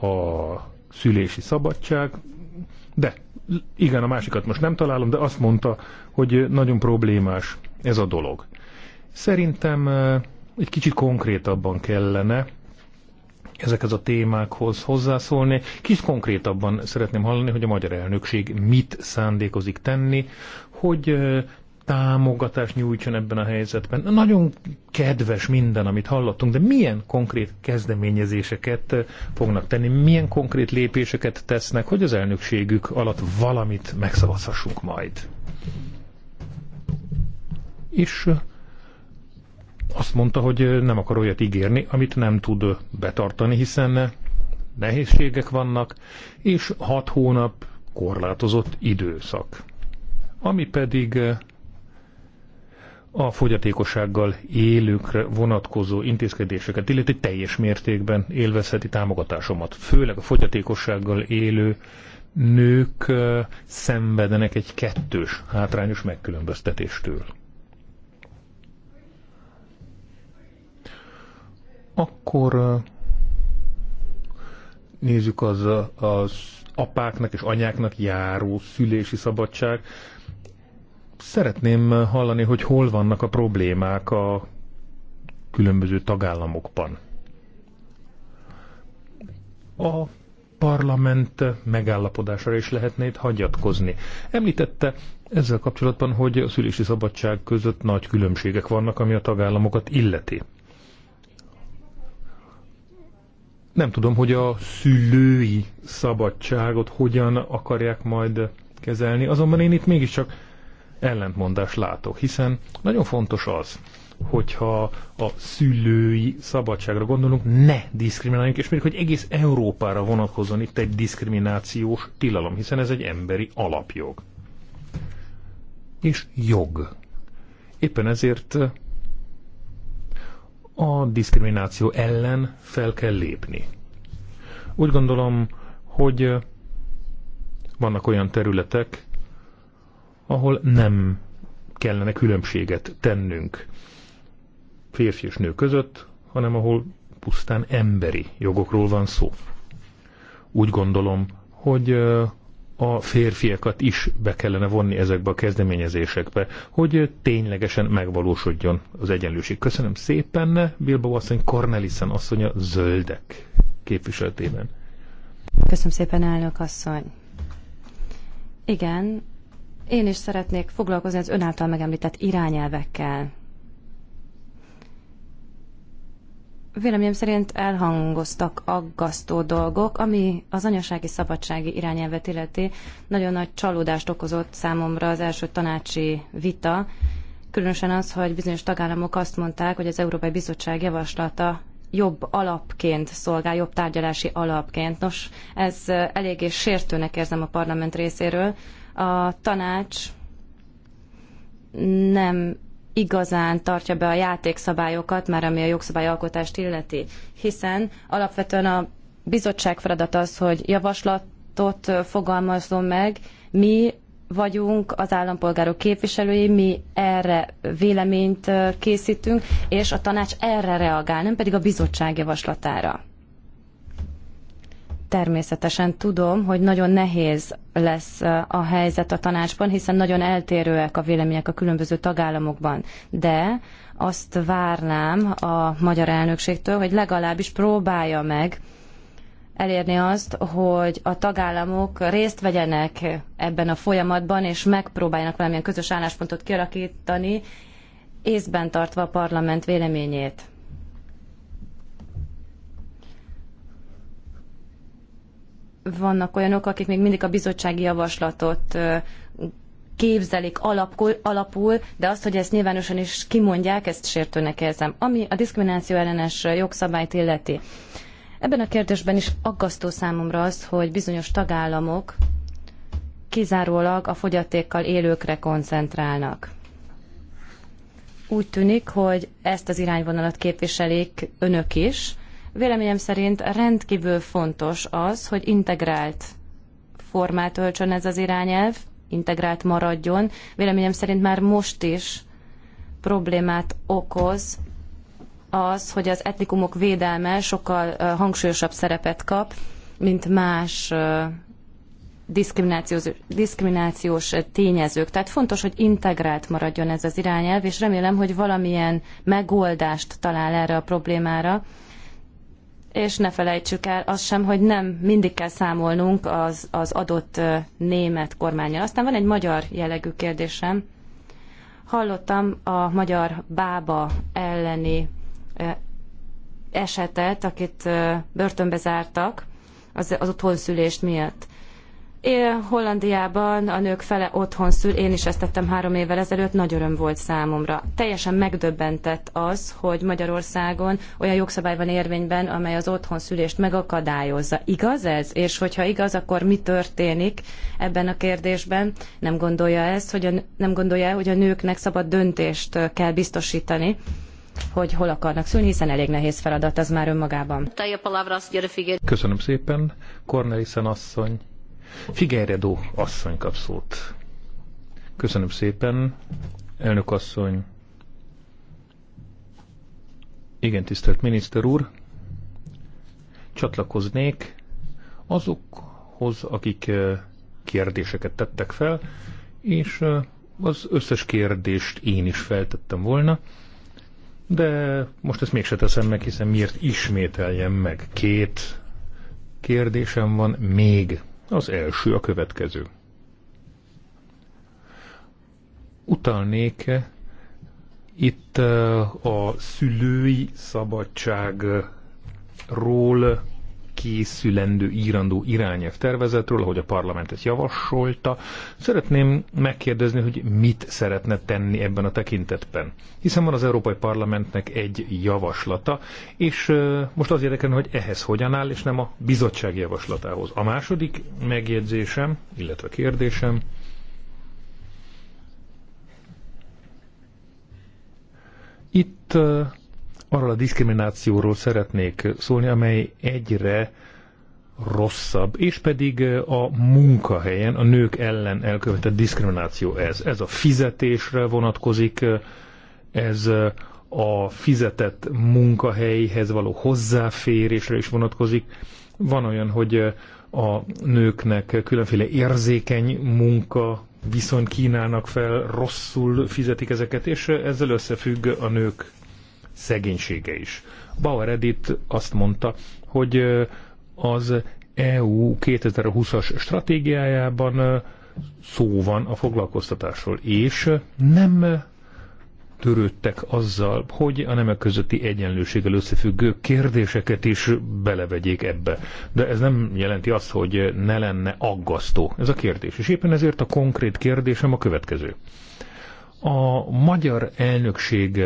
a szülési szabadság, de igen, a másikat most nem találom, de azt mondta, hogy nagyon problémás ez a dolog. Szerintem egy kicsit konkrétabban kellene ezekhez a témákhoz hozzászólni. Kis konkrétabban szeretném hallani, hogy a magyar elnökség mit szándékozik tenni, hogy támogatást nyújtson ebben a helyzetben. Nagyon kedves minden, amit hallottunk, de milyen konkrét kezdeményezéseket eh, fognak tenni, milyen konkrét lépéseket tesznek, hogy az elnökségük alatt valamit megszavazhassunk majd. És eh, azt mondta, hogy eh, nem akar olyat ígérni, amit nem tud betartani, hiszen nehézségek vannak, és hat hónap korlátozott időszak. Ami pedig a fogyatékossággal élőkre vonatkozó intézkedéseket, illetve teljes mértékben élvezheti támogatásomat. Főleg a fogyatékossággal élő nők szenvedenek egy kettős hátrányos megkülönböztetéstől. Akkor nézzük az, az apáknak és anyáknak járó szülési szabadság. Szeretném hallani, hogy hol vannak a problémák a különböző tagállamokban. A parlament megállapodására is lehetne itt hagyatkozni. Említette ezzel kapcsolatban, hogy a szülési szabadság között nagy különbségek vannak, ami a tagállamokat illeti. Nem tudom, hogy a szülői szabadságot hogyan akarják majd kezelni, azonban én itt mégiscsak ellentmondást látok, hiszen nagyon fontos az, hogyha a szülői szabadságra gondolunk, ne diszkrimináljunk, és még hogy egész Európára vonatkozon itt egy diszkriminációs tilalom, hiszen ez egy emberi alapjog. És jog. Éppen ezért a diszkrimináció ellen fel kell lépni. Úgy gondolom, hogy vannak olyan területek, ahol nem kellene különbséget tennünk férfi és nő között, hanem ahol pusztán emberi jogokról van szó. Úgy gondolom, hogy a férfiakat is be kellene vonni ezekbe a kezdeményezésekbe, hogy ténylegesen megvalósodjon az egyenlőség. Köszönöm szépen, Bilbao asszony, Cornelissen asszony a zöldek képviseletében. Köszönöm szépen, elnök asszony. Igen, én is szeretnék foglalkozni az ön által megemlített irányelvekkel. Véleményem szerint elhangoztak aggasztó dolgok, ami az anyasági szabadsági irányelvet illeti nagyon nagy csalódást okozott számomra az első tanácsi vita, különösen az, hogy bizonyos tagállamok azt mondták, hogy az Európai Bizottság javaslata jobb alapként szolgál, jobb tárgyalási alapként. Nos, ez eléggé sértőnek érzem a parlament részéről, a tanács nem igazán tartja be a játékszabályokat, már ami a jogszabályalkotást illeti, hiszen alapvetően a bizottság feladata az, hogy javaslatot fogalmazzon meg, mi vagyunk az állampolgárok képviselői, mi erre véleményt készítünk, és a tanács erre reagál, nem pedig a bizottság javaslatára. Természetesen tudom, hogy nagyon nehéz lesz a helyzet a tanácsban, hiszen nagyon eltérőek a vélemények a különböző tagállamokban. De azt várnám a magyar elnökségtől, hogy legalábbis próbálja meg elérni azt, hogy a tagállamok részt vegyenek ebben a folyamatban, és megpróbáljanak valamilyen közös álláspontot kialakítani, észben tartva a parlament véleményét. vannak olyanok, akik még mindig a bizottsági javaslatot képzelik alapul, alapul, de azt, hogy ezt nyilvánosan is kimondják, ezt sértőnek érzem. Ami a diszkrimináció ellenes jogszabályt illeti. Ebben a kérdésben is aggasztó számomra az, hogy bizonyos tagállamok kizárólag a fogyatékkal élőkre koncentrálnak. Úgy tűnik, hogy ezt az irányvonalat képviselik önök is, Véleményem szerint rendkívül fontos az, hogy integrált formát öltsön ez az irányelv, integrált maradjon. Véleményem szerint már most is problémát okoz az, hogy az etnikumok védelme sokkal hangsúlyosabb szerepet kap, mint más diszkriminációs, diszkriminációs tényezők. Tehát fontos, hogy integrált maradjon ez az irányelv, és remélem, hogy valamilyen megoldást talál erre a problémára, és ne felejtsük el azt sem, hogy nem mindig kell számolnunk az, az adott német kormányjal. Aztán van egy magyar jellegű kérdésem. Hallottam a magyar bába elleni esetet, akit börtönbe zártak az, az otthonszülést miatt. Én Hollandiában a nők fele otthon szül, én is ezt tettem három évvel ezelőtt, nagy öröm volt számomra. Teljesen megdöbbentett az, hogy Magyarországon olyan jogszabály van érvényben, amely az otthon szülést megakadályozza. Igaz ez? És hogyha igaz, akkor mi történik ebben a kérdésben? Nem gondolja ez, hogy a, nem gondolja, hogy a nőknek szabad döntést kell biztosítani hogy hol akarnak szülni, hiszen elég nehéz feladat ez már önmagában. Köszönöm szépen, Cornelissen asszony. Figueiredo asszony kap szót. Köszönöm szépen, elnök asszony. Igen, tisztelt miniszter úr. Csatlakoznék azokhoz, akik eh, kérdéseket tettek fel, és eh, az összes kérdést én is feltettem volna, de most ezt mégse teszem meg, hiszen miért ismételjem meg. Két kérdésem van még az első a következő. Utalnék itt eh, a szülői szabadságról készülendő írandó irányelv tervezetről, ahogy a parlament ezt javasolta. Szeretném megkérdezni, hogy mit szeretne tenni ebben a tekintetben. Hiszen van az Európai Parlamentnek egy javaslata, és most az érdekelne, hogy ehhez hogyan áll, és nem a bizottság javaslatához. A második megjegyzésem, illetve kérdésem, itt arról a diszkriminációról szeretnék szólni, amely egyre rosszabb, és pedig eh, a munkahelyen a nők ellen elkövetett diszkrimináció ez. Ez a fizetésre vonatkozik, eh, ez eh, a fizetett munkahelyhez való hozzáférésre is vonatkozik. Van olyan, hogy a nőknek különféle érzékeny munka viszont kínálnak fel, rosszul fizetik ezeket, és ezzel összefügg a nők szegénysége is. Bauer Edith azt mondta, hogy az EU 2020-as stratégiájában szó van a foglalkoztatásról, és nem törődtek azzal, hogy a nemek közötti egyenlőséggel összefüggő kérdéseket is belevegyék ebbe. De ez nem jelenti azt, hogy ne lenne aggasztó ez a kérdés. És éppen ezért a konkrét kérdésem a következő. A magyar elnökség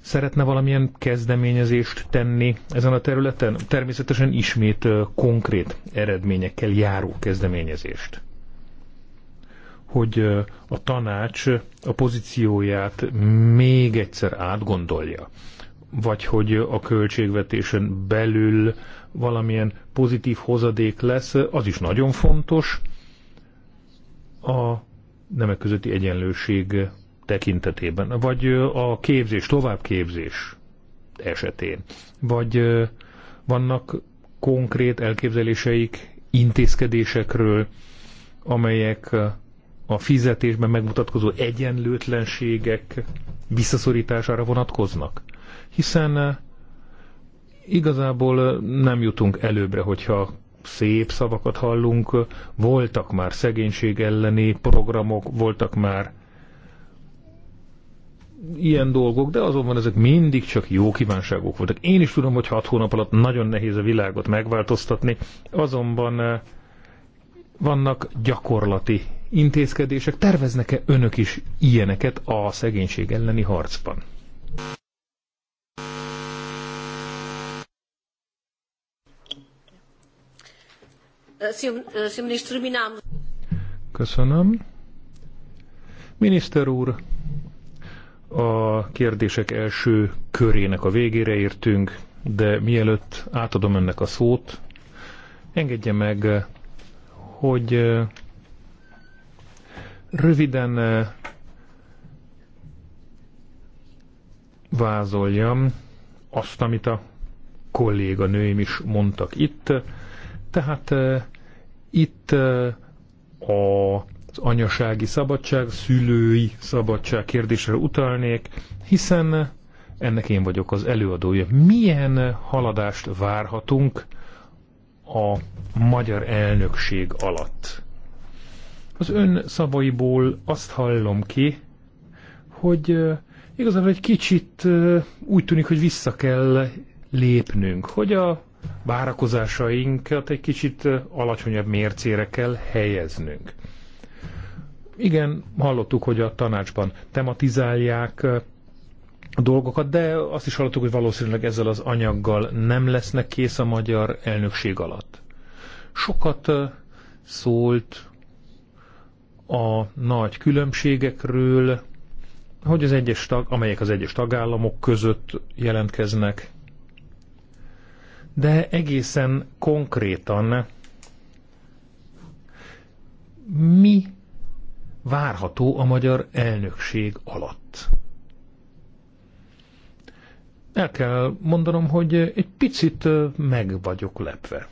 szeretne valamilyen kezdeményezést tenni ezen a területen? Természetesen ismét konkrét eredményekkel járó kezdeményezést. Hogy a tanács a pozícióját még egyszer átgondolja, vagy hogy a költségvetésen belül valamilyen pozitív hozadék lesz, az is nagyon fontos. A nemek közötti egyenlőség tekintetében, vagy a képzés, továbbképzés esetén, vagy vannak konkrét elképzeléseik intézkedésekről, amelyek a fizetésben megmutatkozó egyenlőtlenségek visszaszorítására vonatkoznak? Hiszen igazából nem jutunk előbbre, hogyha szép szavakat hallunk, voltak már szegénység elleni programok, voltak már ilyen dolgok, de azonban ezek mindig csak jó kívánságok voltak. Én is tudom, hogy hat hónap alatt nagyon nehéz a világot megváltoztatni, azonban eh, vannak gyakorlati intézkedések. Terveznek-e önök is ilyeneket a szegénység elleni harcban? Eh, eh, Köszönöm. Miniszter úr, a kérdések első körének a végére értünk, de mielőtt átadom önnek a szót, engedje meg, hogy röviden vázoljam azt, amit a nőim is mondtak itt. Tehát itt a az anyasági szabadság, szülői szabadság kérdésre utalnék, hiszen ennek én vagyok az előadója. Milyen haladást várhatunk a magyar elnökség alatt? Az ön szavaiból azt hallom ki, hogy igazából egy kicsit úgy tűnik, hogy vissza kell lépnünk, hogy a várakozásainkat egy kicsit alacsonyabb mércére kell helyeznünk. Igen, hallottuk, hogy a tanácsban tematizálják a dolgokat, de azt is hallottuk, hogy valószínűleg ezzel az anyaggal nem lesznek kész a magyar elnökség alatt. Sokat szólt a nagy különbségekről, hogy az egyes tag, amelyek az egyes tagállamok között jelentkeznek, de egészen konkrétan mi várható a magyar elnökség alatt. El kell mondanom, hogy egy picit meg vagyok lepve.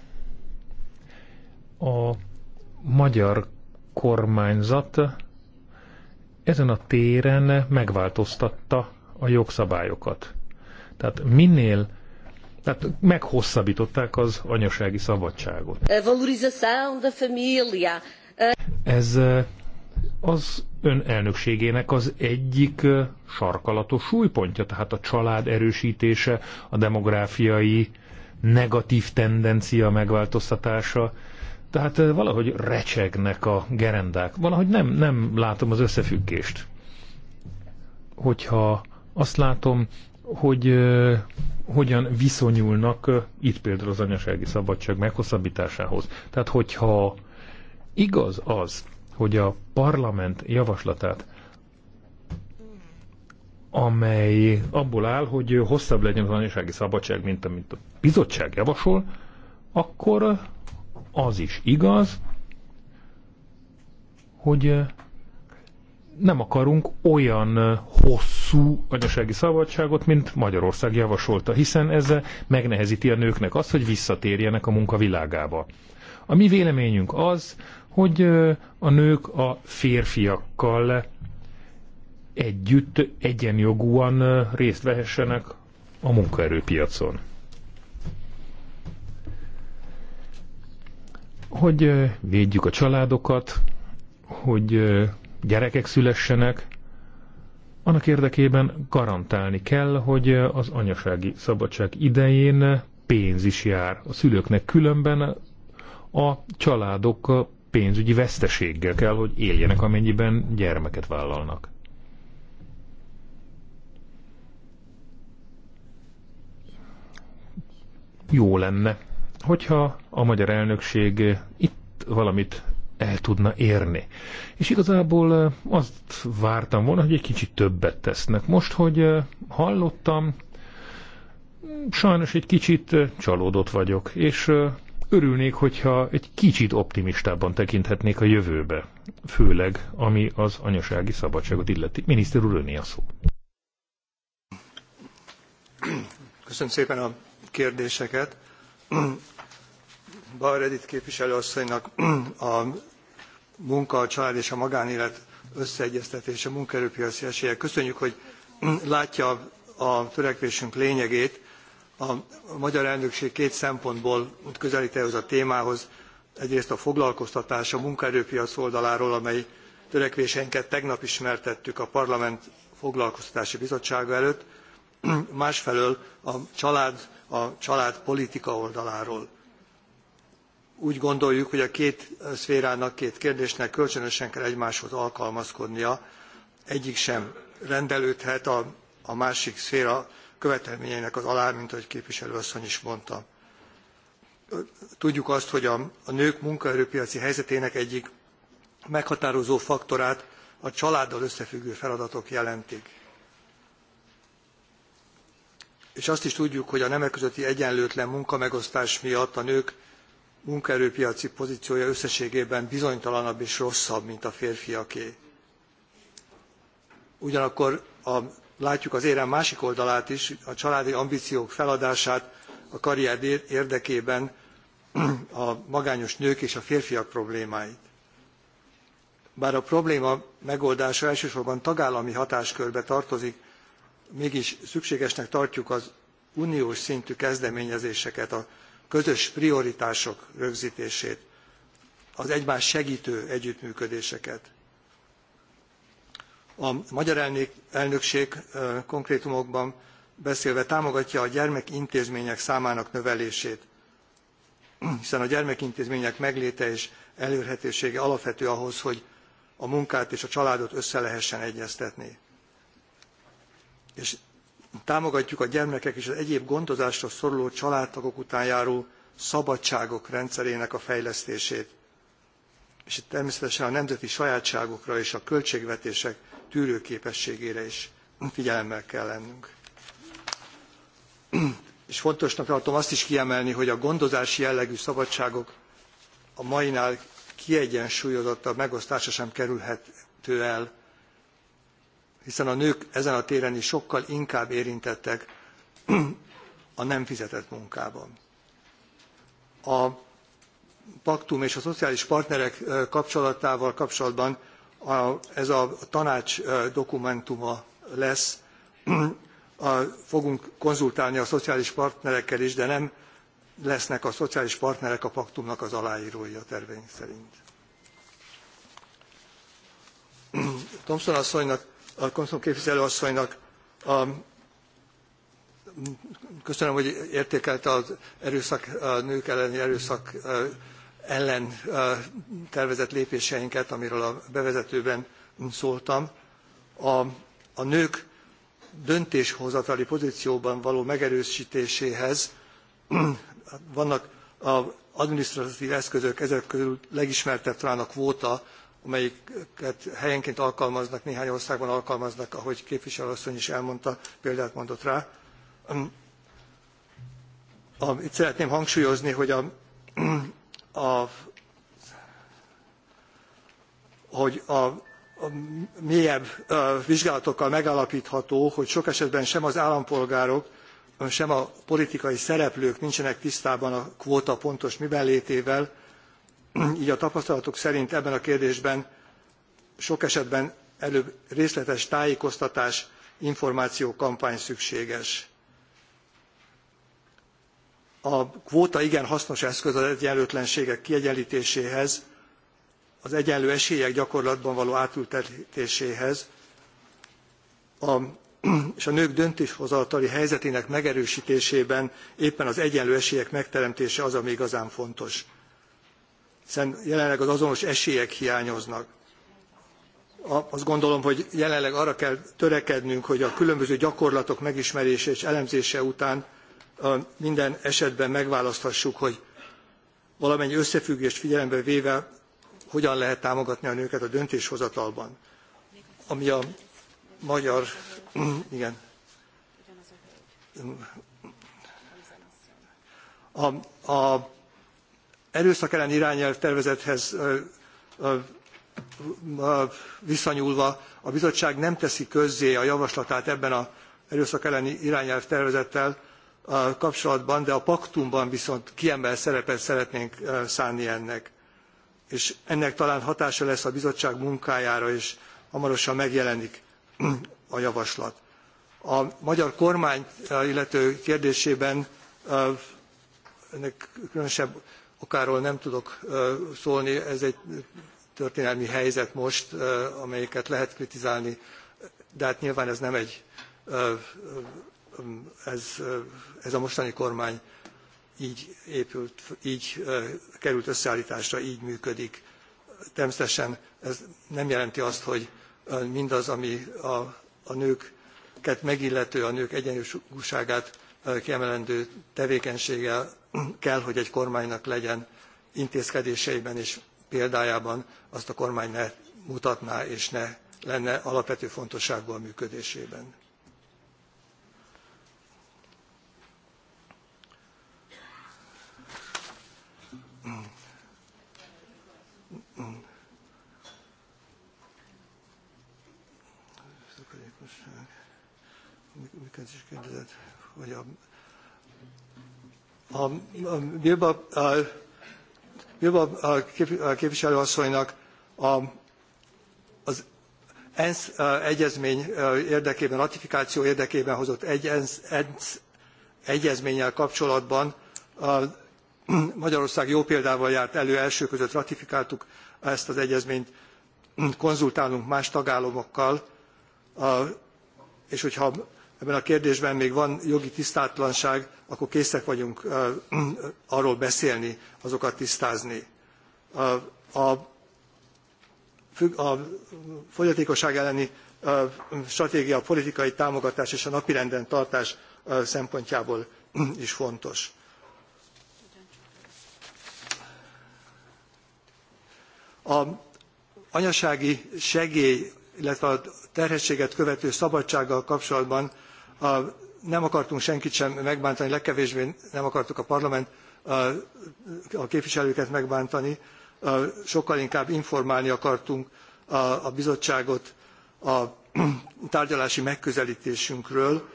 A magyar kormányzat ezen a téren megváltoztatta a jogszabályokat. Tehát minél tehát meghosszabbították az anyasági szabadságot. Ez az ön elnökségének az egyik sarkalatos súlypontja, tehát a család erősítése, a demográfiai negatív tendencia megváltoztatása. Tehát valahogy recsegnek a gerendák. Valahogy nem, nem látom az összefüggést. Hogyha azt látom, hogy hogyan viszonyulnak itt például az anyasági szabadság meghosszabbításához. Tehát hogyha igaz az, hogy a parlament javaslatát, amely abból áll, hogy hosszabb legyen az anyasági szabadság, mint amit a bizottság javasol, akkor az is igaz, hogy nem akarunk olyan hosszú anyasági szabadságot, mint Magyarország javasolta, hiszen ez megnehezíti a nőknek azt, hogy visszatérjenek a munkavilágába. A mi véleményünk az, hogy a nők a férfiakkal együtt egyenjogúan részt vehessenek a munkaerőpiacon. Hogy védjük a családokat, hogy gyerekek szülessenek, annak érdekében garantálni kell, hogy az anyasági szabadság idején pénz is jár a szülőknek, különben a családok pénzügyi veszteséggel kell, hogy éljenek, amennyiben gyermeket vállalnak. Jó lenne, hogyha a magyar elnökség itt valamit el tudna érni. És igazából eh, azt vártam volna, hogy egy kicsit többet tesznek. Most, hogy eh, hallottam, sajnos egy kicsit eh, csalódott vagyok, és örülnék, hogyha egy kicsit optimistában tekinthetnék a jövőbe, főleg ami az anyasági szabadságot illeti. Miniszter úr, a szó. Köszönöm szépen a kérdéseket. Balredit képviselőasszonynak a munka, a család és a magánélet összeegyeztetése, munkaerőpiaci esélyek. Köszönjük, hogy látja a törekvésünk lényegét, a magyar elnökség két szempontból közelít ehhez a témához. Egyrészt a foglalkoztatás a munkaerőpiac oldaláról, amely törekvéseinket tegnap ismertettük a Parlament Foglalkoztatási Bizottsága előtt, másfelől a család, a család politika oldaláról. Úgy gondoljuk, hogy a két szférának, két kérdésnek kölcsönösen kell egymáshoz alkalmazkodnia, egyik sem rendelődhet a, a másik szféra követelményeinek az alá, mint ahogy képviselőasszony is mondta. Tudjuk azt, hogy a, a nők munkaerőpiaci helyzetének egyik meghatározó faktorát a családdal összefüggő feladatok jelentik. És azt is tudjuk, hogy a nemek közötti egyenlőtlen munkamegosztás miatt a nők munkaerőpiaci pozíciója összességében bizonytalanabb és rosszabb, mint a férfiaké. Ugyanakkor a látjuk az érem másik oldalát is, a családi ambíciók feladását a karrier érdekében a magányos nők és a férfiak problémáit. Bár a probléma megoldása elsősorban tagállami hatáskörbe tartozik, mégis szükségesnek tartjuk az uniós szintű kezdeményezéseket, a közös prioritások rögzítését, az egymást segítő együttműködéseket. A magyar elnökség konkrétumokban beszélve támogatja a gyermekintézmények számának növelését, hiszen a gyermekintézmények megléte és elérhetősége alapvető ahhoz, hogy a munkát és a családot össze lehessen egyeztetni. És támogatjuk a gyermekek és az egyéb gondozásra szoruló családtagok után járó szabadságok rendszerének a fejlesztését és itt természetesen a nemzeti sajátságokra és a költségvetések tűrőképességére is figyelemmel kell lennünk. És fontosnak tartom azt is kiemelni, hogy a gondozási jellegű szabadságok a mainál kiegyensúlyozottabb megosztása sem kerülhető el, hiszen a nők ezen a téren is sokkal inkább érintettek a nem fizetett munkában. A paktum és a szociális partnerek kapcsolatával kapcsolatban a, ez a tanács dokumentuma lesz. A, fogunk konzultálni a szociális partnerekkel is, de nem lesznek a szociális partnerek a paktumnak az aláírói a terveink szerint. Thompson asszonynak, a Thompson képviselő asszonynak a, köszönöm, hogy értékelte az erőszak, a nők elleni erőszak ellen tervezett lépéseinket, amiről a bevezetőben szóltam, a, a nők döntéshozatali pozícióban való megerősítéséhez vannak az adminisztratív eszközök, ezek közül legismertebb talán a kvóta, amelyiket helyenként alkalmaznak, néhány országban alkalmaznak, ahogy képviselőasszony is elmondta, példát mondott rá. Itt szeretném hangsúlyozni, hogy a, a, hogy a, a mélyebb vizsgálatokkal megállapítható, hogy sok esetben sem az állampolgárok, sem a politikai szereplők nincsenek tisztában a kvóta pontos miben létével, így a tapasztalatok szerint ebben a kérdésben sok esetben előbb részletes tájékoztatás, információkampány szükséges. A kvóta igen hasznos eszköz az egyenlőtlenségek kiegyenlítéséhez, az egyenlő esélyek gyakorlatban való átültetéséhez, a, és a nők döntéshozatali helyzetének megerősítésében éppen az egyenlő esélyek megteremtése az, ami igazán fontos. Hiszen jelenleg az azonos esélyek hiányoznak. Azt gondolom, hogy jelenleg arra kell törekednünk, hogy a különböző gyakorlatok megismerése és elemzése után minden esetben megválaszthassuk, hogy valamennyi összefüggést figyelembe véve hogyan lehet támogatni a nőket a döntéshozatalban. Ami a magyar, igen, a, a erőszak ellen irányelv tervezethez visszanyúlva a bizottság nem teszi közzé a javaslatát ebben az erőszak elleni irányelv tervezettel, kapcsolatban, de a paktumban viszont kiemelt szerepet szeretnénk szánni ennek. És ennek talán hatása lesz a bizottság munkájára, és hamarosan megjelenik a javaslat. A magyar kormány illető kérdésében ennek különösebb okáról nem tudok szólni, ez egy történelmi helyzet most, amelyiket lehet kritizálni, de hát nyilván ez nem egy ez, ez a mostani kormány így épült, így került összeállításra, így működik. Természetesen ez nem jelenti azt, hogy mindaz, ami a, a nőket megillető, a nők egyenjogúságát kiemelendő tevékenysége kell, hogy egy kormánynak legyen intézkedéseiben és példájában azt a kormány ne mutatná és ne lenne alapvető fontosságú a működésében. ez is kérdezett, hogy a, a, a Bilba, a, Bilba a a képviselőasszonynak a, az ENSZ a, egyezmény érdekében, ratifikáció érdekében hozott egy ENSZ, ENSZ egyezménnyel kapcsolatban a, Magyarország jó példával járt elő, első között ratifikáltuk ezt az egyezményt, konzultálunk más tagállamokkal, és hogyha ebben a kérdésben még van jogi tisztátlanság, akkor készek vagyunk arról beszélni, azokat tisztázni. A, a fogyatékosság elleni stratégia, a politikai támogatás és a napirenden tartás szempontjából is fontos. A anyasági segély, illetve a terhességet követő szabadsággal kapcsolatban nem akartunk senkit sem megbántani, legkevésbé nem akartuk a parlament a képviselőket megbántani, sokkal inkább informálni akartunk a bizottságot a tárgyalási megközelítésünkről.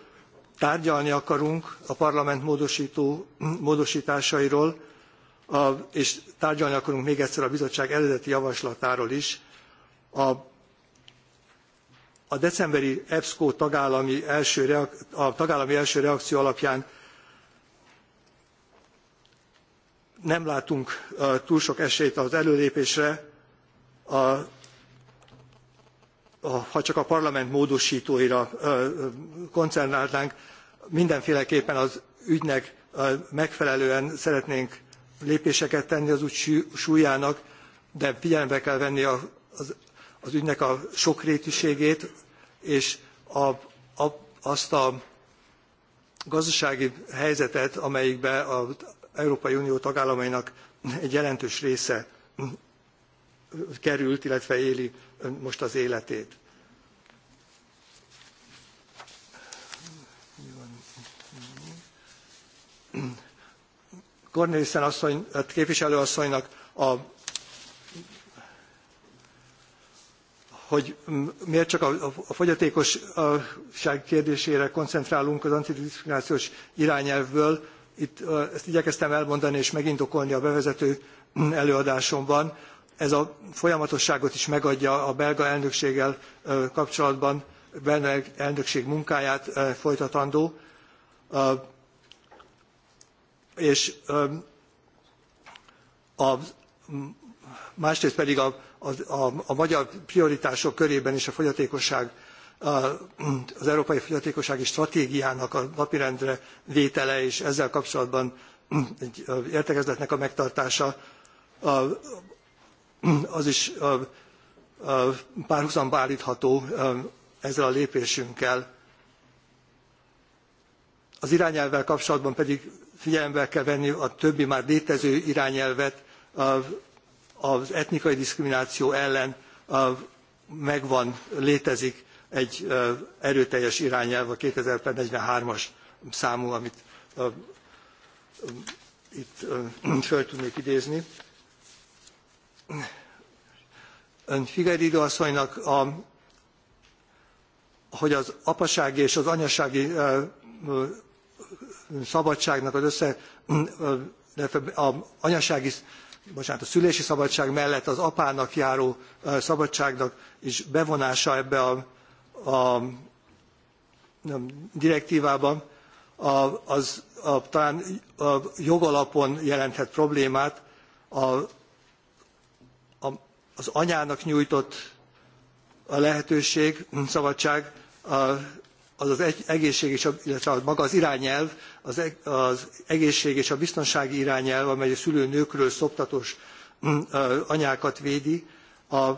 Tárgyalni akarunk a parlament módosító, módosításairól, és tárgyalni akarunk még egyszer a bizottság eredeti javaslatáról is. A a decemberi EBSCO tagállami első, a tagállami első reakció alapján nem látunk túl sok esélyt az előlépésre, a, a, ha csak a parlament módosítóira koncentrálnánk, mindenféleképpen az ügynek megfelelően szeretnénk lépéseket tenni az úgy súlyának, de figyelembe kell venni az az ügynek a sokrétűségét, és a, a, azt a gazdasági helyzetet, amelyikben az Európai Unió tagállamainak egy jelentős része került, illetve éli most az életét. Cornelissen asszony, hát képviselőasszonynak a hogy miért csak a, a fogyatékosság kérdésére koncentrálunk az antidiszkriminációs irányelvből. Itt ezt igyekeztem elmondani és megindokolni a bevezető előadásomban. Ez a folyamatosságot is megadja a belga elnökséggel kapcsolatban, belga elnökség munkáját folytatandó. És a, másrészt pedig a a, a, a magyar prioritások körében is a fogyatékosság az Európai Fogyatékossági Stratégiának a napirendre vétele és ezzel kapcsolatban egy értekezletnek a megtartása az is párhuzamba állítható ezzel a lépésünkkel. Az irányelvvel kapcsolatban pedig figyelembe kell venni a többi már létező irányelvet, az etnikai diszkrimináció ellen megvan, létezik egy erőteljes irányelv, a 2043-as számú, amit itt föl tudnék idézni. Ön Figerido asszonynak, a, hogy az apasági és az anyasági szabadságnak az össze, a anyasági bocsánat, a szülési szabadság mellett az apának járó szabadságnak is bevonása ebbe a, a direktívában, a, az a, talán a jogalapon jelenthet problémát a, az anyának nyújtott a lehetőség, szabadság az az egészség és a, illetve maga az irányelv, az, e-, az egészség és a biztonsági irányelv, amely a szülőnőkről szoptatós mm, anyákat védi, a,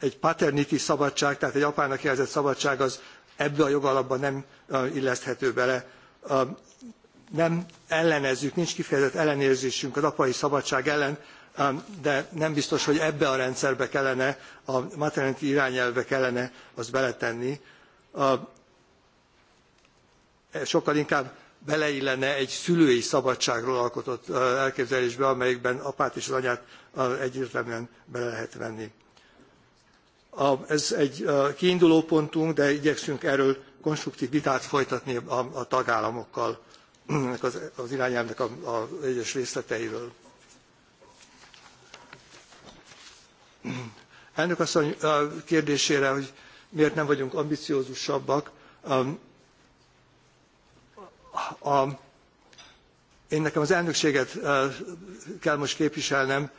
egy paternity szabadság, tehát egy apának jelzett szabadság az ebbe a jogalapba nem illeszthető bele. Nem ellenezzük, nincs kifejezett ellenérzésünk az apai szabadság ellen, de nem biztos, hogy ebbe a rendszerbe kellene, a maternity irányelve kellene azt beletenni sokkal inkább beleillene egy szülői szabadságról alkotott elképzelésbe, amelyikben apát és az anyát egyértelműen bele lehet venni. Ez egy kiinduló pontunk, de igyekszünk erről konstruktív vitát folytatni a, tagállamokkal az, az irányelvnek az egyes részleteiről. Elnök asszony kérdésére, hogy miért nem vagyunk ambiciózusabbak, a, én nekem az elnökséget kell most képviselnem,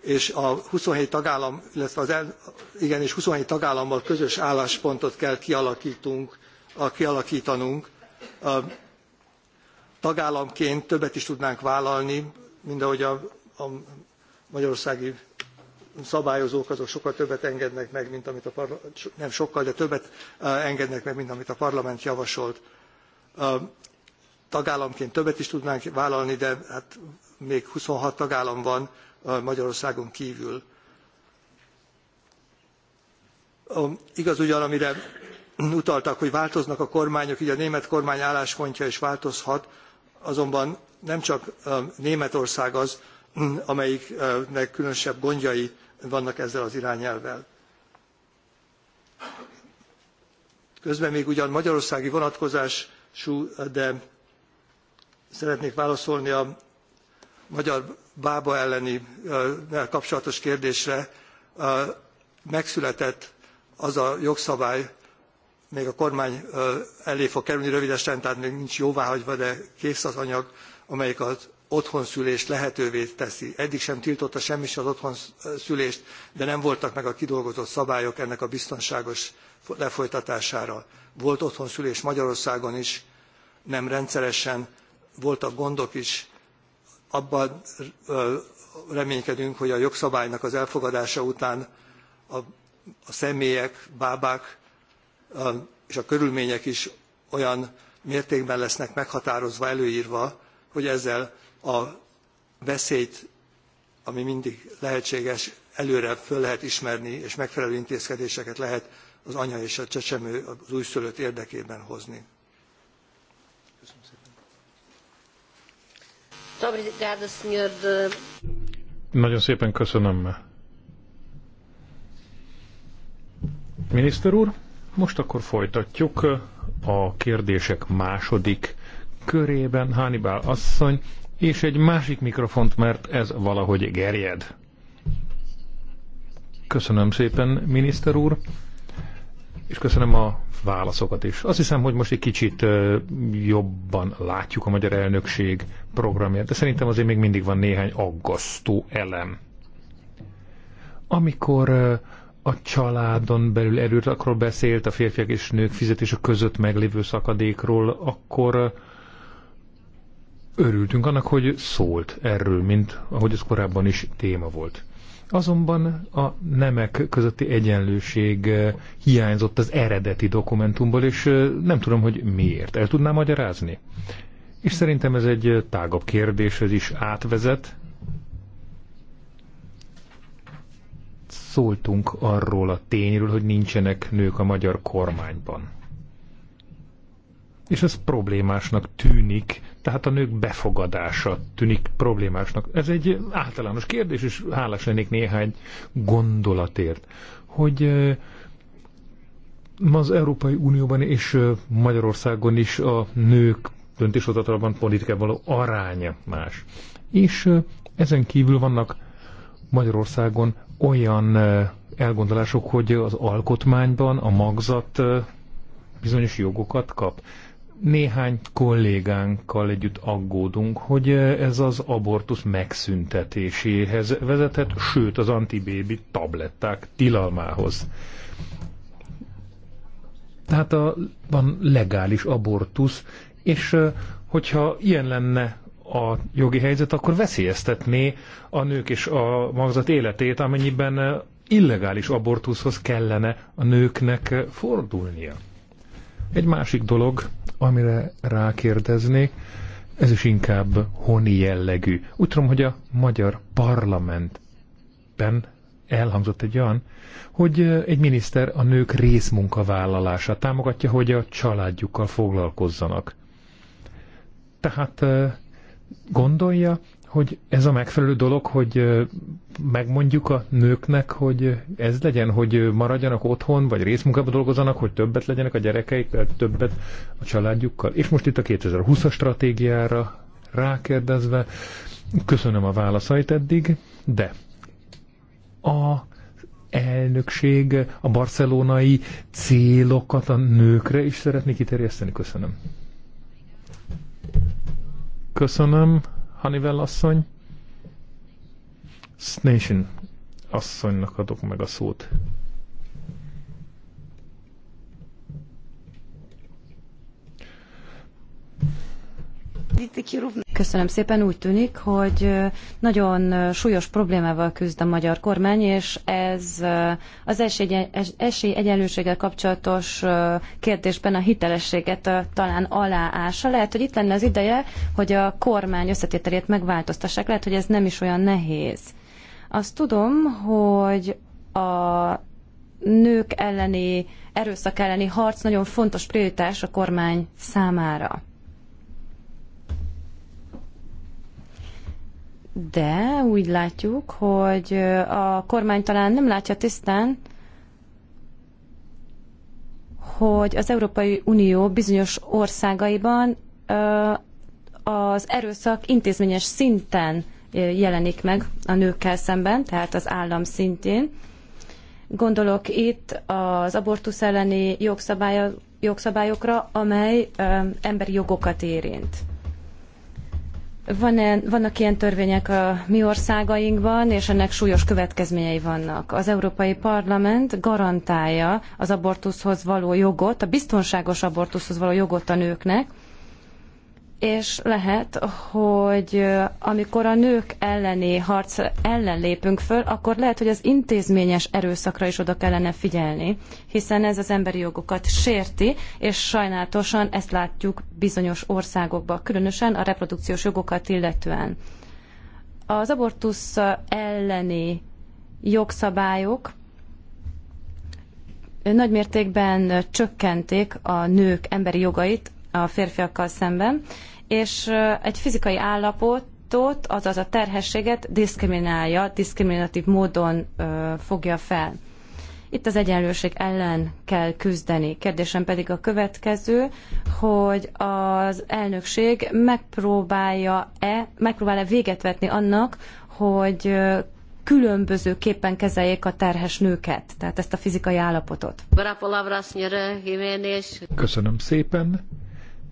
és a 27 tagállam, illetve az el, igen, és 27 tagállammal közös álláspontot kell kialakítunk, kialakítanunk. Tagállamként többet is tudnánk vállalni, mint ahogy a, a magyarországi szabályozók azok sokkal többet engednek meg, mint amit a parlament, nem sokkal, de többet engednek meg, mint amit a parlament javasolt tagállamként többet is tudnánk vállalni, de hát még 26 tagállam van Magyarországon kívül. Igaz ugyan, amire utaltak, hogy változnak a kormányok, így a német kormány álláspontja is változhat, azonban nem csak Németország az, amelyiknek különösebb gondjai vannak ezzel az irányelvvel. Közben még ugyan magyarországi vonatkozású, de Szeretnék válaszolni a magyar bába elleni kapcsolatos kérdésre. Megszületett az a jogszabály, még a kormány elé fog kerülni rövidesen, tehát még nincs jóváhagyva, de kész az anyag, amelyik az otthonszülést lehetővé teszi. Eddig sem tiltotta semmi sem az otthonszülést, de nem voltak meg a kidolgozott szabályok ennek a biztonságos lefolytatására. Volt otthonszülés Magyarországon is, nem rendszeresen, voltak gondok is, abban reménykedünk, hogy a jogszabálynak az elfogadása után a, a személyek, bábák és a körülmények is olyan mértékben lesznek meghatározva, előírva, hogy ezzel a veszélyt, ami mindig lehetséges, előre föl lehet ismerni, és megfelelő intézkedéseket lehet az anya és a csecsemő az újszülött érdekében hozni. Nagyon szépen köszönöm. Miniszter úr, most akkor folytatjuk a kérdések második körében. Hannibal asszony, és egy másik mikrofont, mert ez valahogy gerjed. Köszönöm szépen, miniszter úr és köszönöm a válaszokat is. Azt hiszem, hogy most egy kicsit jobban látjuk a magyar elnökség programját, de szerintem azért még mindig van néhány aggasztó elem. Amikor a családon belül akkor beszélt, a férfiak és nők fizetése között meglévő szakadékról, akkor örültünk annak, hogy szólt erről, mint ahogy ez korábban is téma volt. Azonban a nemek közötti egyenlőség eh, hiányzott az eredeti dokumentumból, és eh, nem tudom, hogy miért. El tudnám magyarázni? És szerintem ez egy eh, tágabb ez is átvezet. Szóltunk arról a tényről, hogy nincsenek nők a magyar kormányban és ez problémásnak tűnik, tehát a nők befogadása tűnik problémásnak. Ez egy általános kérdés, és hálás lennék néhány gondolatért, hogy ma az Európai Unióban és Magyarországon is a nők döntéshozatalban politikában való aránya más. És ezen kívül vannak Magyarországon olyan elgondolások, hogy az alkotmányban a magzat bizonyos jogokat kap néhány kollégánkkal együtt aggódunk, hogy ez az abortusz megszüntetéséhez vezethet, sőt az antibébi tabletták tilalmához. Tehát a, van legális abortusz, és hogyha ilyen lenne a jogi helyzet, akkor veszélyeztetné a nők és a magzat életét, amennyiben illegális abortuszhoz kellene a nőknek fordulnia. Egy másik dolog, amire rákérdeznék, ez is inkább honi jellegű. Úgy tudom, hogy a magyar parlamentben elhangzott egy olyan, hogy egy miniszter a nők részmunkavállalása támogatja, hogy a családjukkal foglalkozzanak. Tehát gondolja, hogy ez a megfelelő dolog, hogy megmondjuk a nőknek, hogy ez legyen, hogy maradjanak otthon, vagy részmunkába dolgozzanak, hogy többet legyenek a gyerekeikkel, többet a családjukkal. És most itt a 2020-as stratégiára rákérdezve, köszönöm a válaszait eddig, de a elnökség a barcelonai célokat a nőkre is szeretné kiterjeszteni. Köszönöm. Köszönöm. Hanivel asszony. Snation asszonynak adok meg a szót. Köszönöm szépen, úgy tűnik, hogy nagyon súlyos problémával küzd a magyar kormány, és ez az esélyegyenlőséggel kapcsolatos kérdésben a hitelességet talán aláása. Lehet, hogy itt lenne az ideje, hogy a kormány összetételét megváltoztassák. Lehet, hogy ez nem is olyan nehéz. Azt tudom, hogy a nők elleni, erőszak elleni harc nagyon fontos prioritás a kormány számára. de úgy látjuk, hogy a kormány talán nem látja tisztán, hogy az Európai Unió bizonyos országaiban az erőszak intézményes szinten jelenik meg a nőkkel szemben, tehát az állam szintén. Gondolok itt az abortusz elleni jogszabályokra, amely emberi jogokat érint. Van-e, vannak ilyen törvények a mi országainkban, és ennek súlyos következményei vannak. Az Európai Parlament garantálja az abortuszhoz való jogot, a biztonságos abortuszhoz való jogot a nőknek, és lehet, hogy amikor a nők elleni harc ellen lépünk föl, akkor lehet, hogy az intézményes erőszakra is oda kellene figyelni, hiszen ez az emberi jogokat sérti, és sajnálatosan ezt látjuk bizonyos országokban, különösen a reprodukciós jogokat illetően. Az abortusz elleni jogszabályok nagymértékben csökkenték a nők emberi jogait a férfiakkal szemben, és egy fizikai állapotot, azaz a terhességet diszkriminálja, diszkriminatív módon fogja fel. Itt az egyenlőség ellen kell küzdeni. Kérdésem pedig a következő, hogy az elnökség megpróbálja-e, megpróbál-e véget vetni annak, hogy különbözőképpen kezeljék a terhes nőket, tehát ezt a fizikai állapotot. Köszönöm szépen.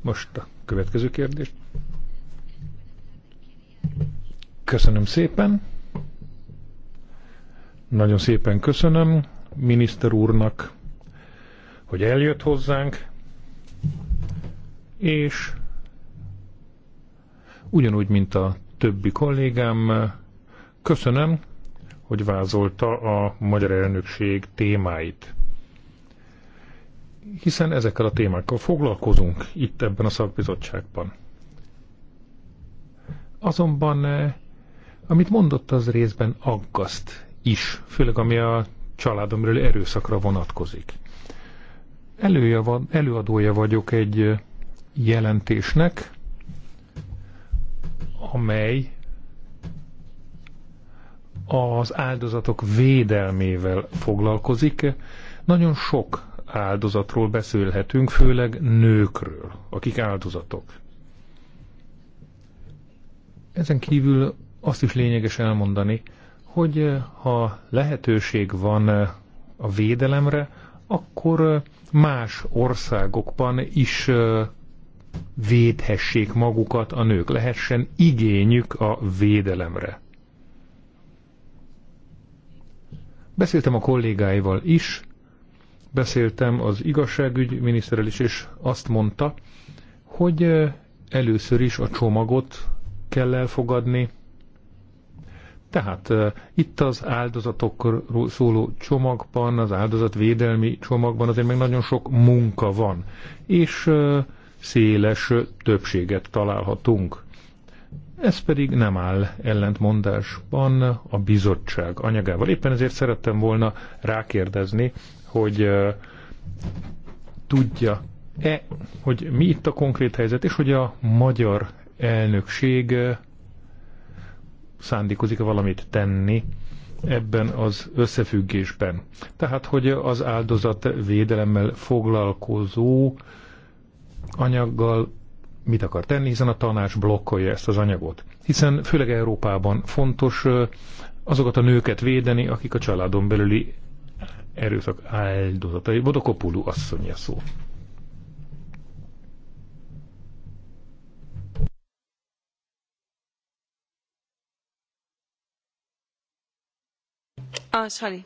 Most a következő kérdés. Köszönöm szépen. Nagyon szépen köszönöm miniszter úrnak, hogy eljött hozzánk, és ugyanúgy, mint a többi kollégám, köszönöm, hogy vázolta a magyar elnökség témáit hiszen ezekkel a témákkal foglalkozunk itt ebben a szakbizottságban. Azonban, eh, amit mondott, az részben aggaszt is, főleg ami a családomról erőszakra vonatkozik. előadója vagyok egy eh, jelentésnek, amely az áldozatok védelmével foglalkozik. Nagyon sok áldozatról beszélhetünk, főleg nőkről, akik áldozatok. Ezen kívül azt is lényeges elmondani, hogy eh, ha lehetőség van eh, a védelemre, akkor eh, más országokban is védhessék magukat a nők, lehessen igényük a védelemre. Beszéltem a kollégáival is, Beszéltem az igazságügy miniszterrel is, és azt mondta, hogy először is a csomagot kell elfogadni, tehát itt az áldozatokról szóló csomagban, az áldozatvédelmi csomagban azért meg nagyon sok munka van, és széles többséget találhatunk. Ez pedig nem áll ellentmondásban a bizottság anyagával. Éppen ezért szerettem volna rákérdezni hogy tudja-e, hogy mi itt a konkrét helyzet, és hogy a magyar elnökség szándékozik valamit tenni ebben az összefüggésben. Tehát, hogy az áldozat védelemmel foglalkozó anyaggal mit akar tenni, hiszen a tanács blokkolja ezt az anyagot. Hiszen főleg Európában fontos azokat a nőket védeni, akik a családon belüli erőszak áldozatai. Vodokopulu asszony a szó. Oh, sorry.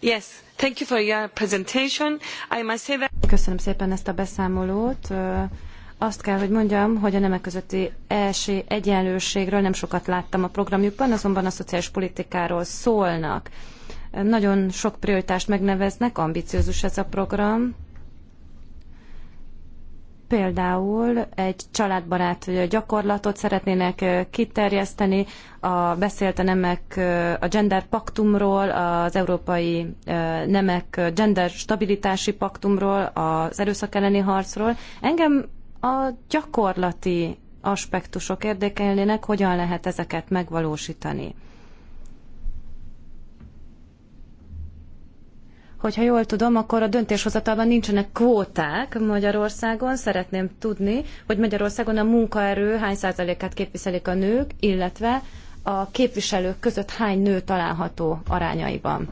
Yes, thank you for your presentation. I must say that... Köszönöm szépen ezt a beszámolót. Azt kell, hogy mondjam, hogy a nemek közötti első egyenlőségről nem sokat láttam a programjukban, azonban a szociális politikáról szólnak. Nagyon sok prioritást megneveznek, ambiciózus ez a program. Például egy családbarát gyakorlatot szeretnének kiterjeszteni, a beszélt a nemek, a gender paktumról, az európai nemek gender stabilitási paktumról, az erőszak elleni harcról. Engem a gyakorlati aspektusok érdekelnének, hogyan lehet ezeket megvalósítani. Hogyha jól tudom, akkor a döntéshozatalban nincsenek kvóták Magyarországon. Szeretném tudni, hogy Magyarországon a munkaerő hány százalékát képviselik a nők, illetve a képviselők között hány nő található arányaiban.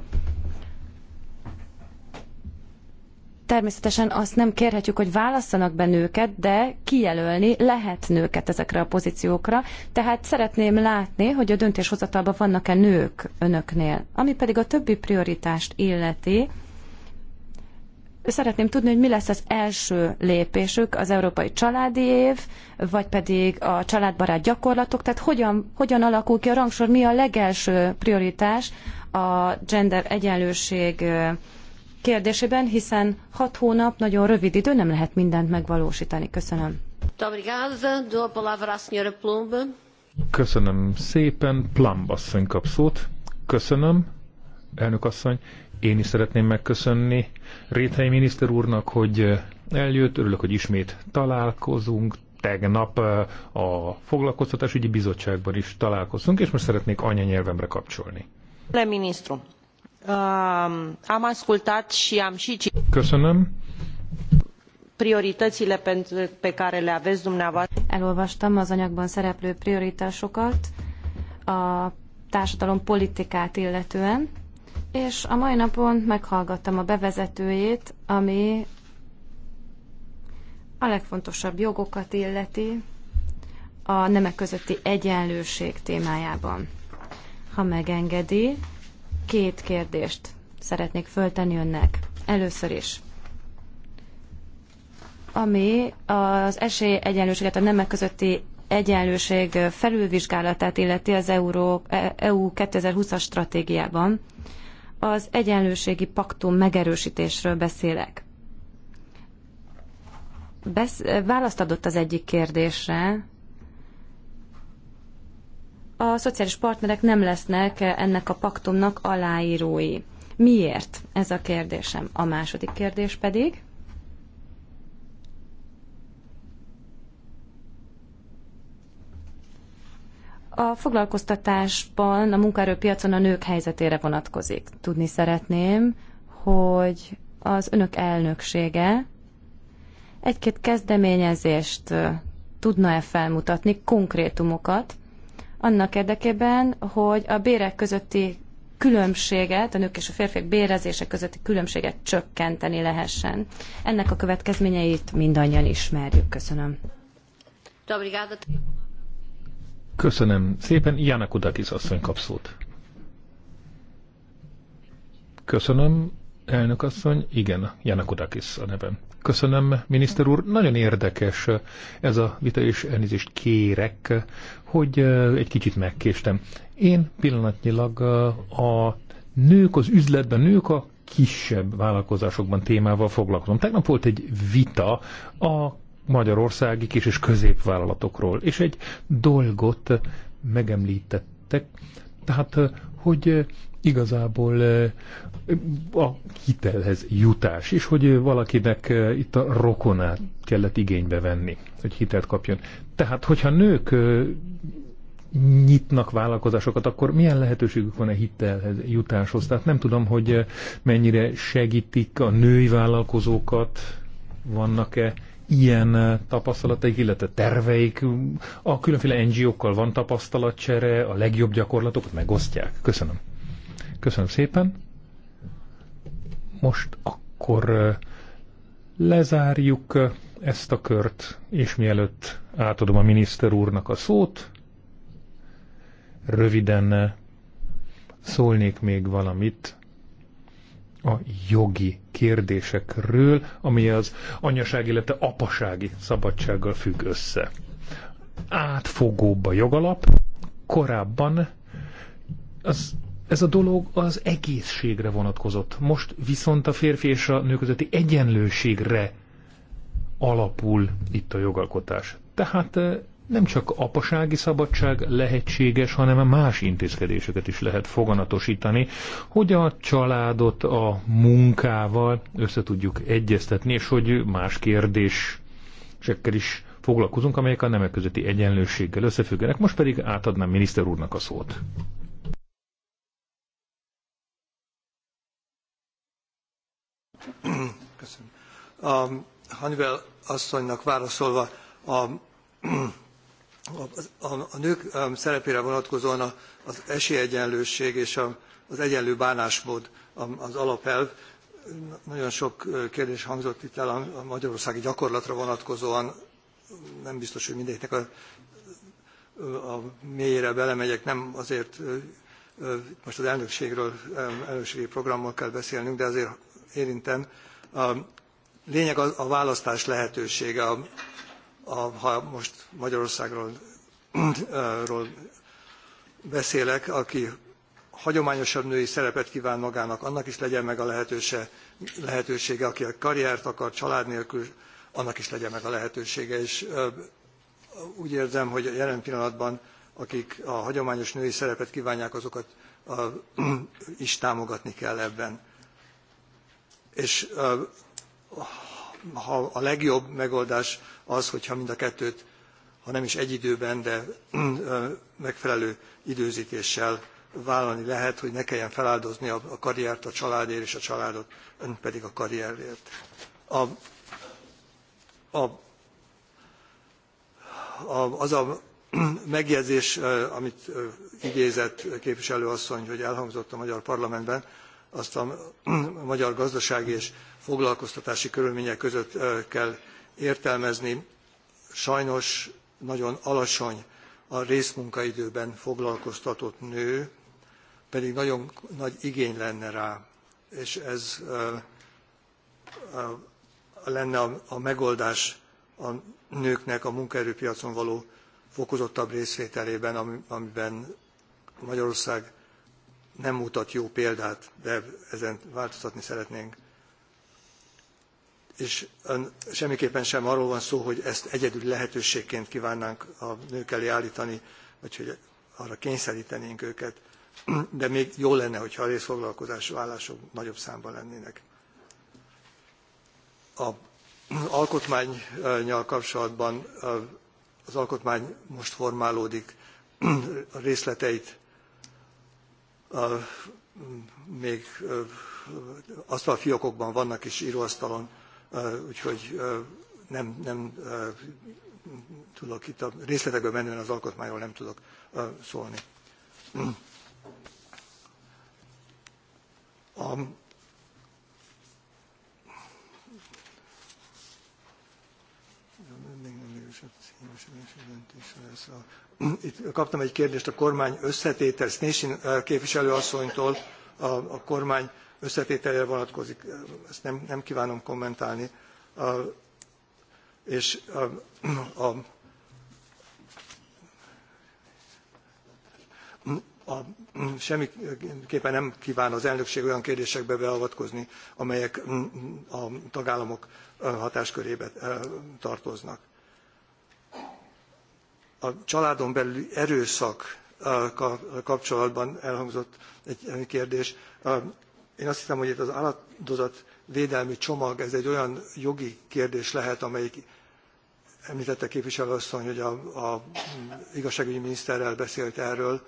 Természetesen azt nem kérhetjük, hogy válasszanak be nőket, de kijelölni lehet nőket ezekre a pozíciókra. Tehát szeretném látni, hogy a döntéshozatalban vannak-e nők önöknél. Ami pedig a többi prioritást illeti, szeretném tudni, hogy mi lesz az első lépésük, az európai családi év, vagy pedig a családbarát gyakorlatok, tehát hogyan, hogyan alakul ki a rangsor, mi a legelső prioritás a gender egyenlőség kérdésében, hiszen hat hónap nagyon rövid idő, nem lehet mindent megvalósítani. Köszönöm. Köszönöm szépen. Plumb asszony kap szót. Köszönöm, elnök asszony. Én is szeretném megköszönni Réthely miniszter úrnak, hogy eljött. Örülök, hogy ismét találkozunk. Tegnap eh, a foglalkoztatásügyi bizottságban is találkoztunk, és most szeretnék anyanyelvemre kapcsolni. Le minisztrum. Um, am ascultat i am i citit prioritățile pe care le avei dumneavoastră. Elolvastam az anyagban szereplő prioritásokat a társadalom politikát illetően, és a mai napon meghallgattam a bevezetőjét, ami a legfontosabb jogokat illeti a nemek közötti egyenlőség témájában. Ha megengedi, Két kérdést szeretnék föltenni önnek. Először is ami az esélyegyenlőséget, a nemek közötti egyenlőség felülvizsgálatát illeti az Euró, EU e 2020-as stratégiában, az egyenlőségi paktum megerősítésről beszélek. Besz, választ adott az egyik kérdésre, a szociális partnerek nem lesznek ennek a paktumnak aláírói. Miért? Ez a kérdésem. A második kérdés pedig. A foglalkoztatásban, a munkaerőpiacon a nők helyzetére vonatkozik. Tudni szeretném, hogy az önök elnöksége egy-két kezdeményezést tudna-e felmutatni, konkrétumokat, annak érdekében, hogy a bérek közötti különbséget, a nők és a férfiak bérezése közötti különbséget csökkenteni lehessen. Ennek a következményeit mindannyian ismerjük. Köszönöm. Köszönöm szépen. Jana Kudakis asszony kap szót. Köszönöm, elnök asszony. Igen, Jana Kudakis a nevem. Köszönöm, miniszter úr. Nagyon érdekes ez a vita, és elnézést kérek, hogy egy kicsit megkéstem. Én pillanatnyilag a nők az üzletben, nők a kisebb vállalkozásokban témával foglalkozom. Tegnap volt egy vita a magyarországi kis- és középvállalatokról, és egy dolgot megemlítettek, tehát, hogy igazából a hitelhez jutás is, hogy valakinek eh, itt a rokonát kellett igénybe venni, hogy hitelt kapjon. Tehát, hogyha nők eh, nyitnak vállalkozásokat, akkor milyen lehetőségük van a hitelhez jutáshoz? Tehát nem tudom, hogy eh, mennyire segítik a női vállalkozókat, vannak-e ilyen tapasztalataik, illetve terveik, a különféle NGO-kkal van tapasztalatcsere, a legjobb gyakorlatokat megosztják. Köszönöm. Köszönöm szépen. Most akkor lezárjuk ezt a kört, és mielőtt átadom a miniszter úrnak a szót, röviden szólnék még valamit a jogi kérdésekről, ami az anyaság, illetve apasági szabadsággal függ össze. Átfogóbb a jogalap, korábban az ez a dolog az egészségre vonatkozott. Most viszont a férfi és a nő közötti egyenlőségre alapul itt a jogalkotás. Tehát eh, nem csak apasági szabadság lehetséges, hanem más intézkedéseket is lehet foganatosítani, hogy a családot a munkával össze tudjuk egyeztetni, és hogy más kérdésekkel is foglalkozunk, amelyek a nemek közötti egyenlőséggel összefüggenek. Most pedig átadnám miniszter úrnak a szót. Köszönöm. A um, Hanivel asszonynak válaszolva a, a, a, a nők um, szerepére vonatkozóan az esélyegyenlőség és a, az egyenlő bánásmód az alapelv. Nagyon sok uh, kérdés hangzott itt el a magyarországi gyakorlatra vonatkozóan. Nem biztos, hogy mindegyiknek a, a mélyére belemegyek, nem azért uh, uh, most az elnökségről, um, elnökségi programmal kell beszélnünk, de azért érintem. A lényeg a, választás lehetősége. A, a, ha most Magyarországról ról beszélek, aki hagyományosabb női szerepet kíván magának, annak is legyen meg a lehetőse, lehetősége, aki a karriert akar család nélkül, annak is legyen meg a lehetősége. És úgy érzem, hogy jelen pillanatban, akik a hagyományos női szerepet kívánják, azokat is támogatni kell ebben és ha a legjobb megoldás az, hogyha mind a kettőt, ha nem is egy időben, de megfelelő időzítéssel vállalni lehet, hogy ne kelljen feláldozni a karriert a családért, és a családot ön pedig a karrierért. A, a, a, az a megjegyzés, amit idézett asszony, hogy elhangzott a magyar parlamentben, azt a magyar gazdasági és foglalkoztatási körülmények között kell értelmezni. Sajnos nagyon alacsony a részmunkaidőben foglalkoztatott nő, pedig nagyon nagy igény lenne rá, és ez lenne a megoldás a nőknek a munkaerőpiacon való fokozottabb részvételében, amiben Magyarország nem mutat jó példát, de ezen változtatni szeretnénk. És semmiképpen sem arról van szó, hogy ezt egyedül lehetőségként kívánnánk a nők elé állítani, vagy hogy arra kényszerítenénk őket, de még jó lenne, hogyha a részfoglalkozású állások nagyobb számban lennének. A alkotmányjal kapcsolatban az alkotmány most formálódik, a részleteit még asztalfiókokban vannak és íróasztalon, úgyhogy nem, nem tudok itt a részletekbe menően az alkotmányról nem tudok szólni. A Itt kaptam egy kérdést a kormány összetétel, Snésin képviselőasszonytól a, a kormány összetételére vonatkozik, ezt nem, nem kívánom kommentálni. A, és a, a, a, semmiképpen nem kíván az elnökség olyan kérdésekbe beavatkozni, amelyek a tagállamok hatáskörébe tartoznak a családon belüli erőszak kapcsolatban elhangzott egy kérdés. Én azt hiszem, hogy itt az áldozatvédelmi csomag, ez egy olyan jogi kérdés lehet, amelyik említette képviselő asszony, hogy a, a igazságügyi miniszterrel beszélt erről.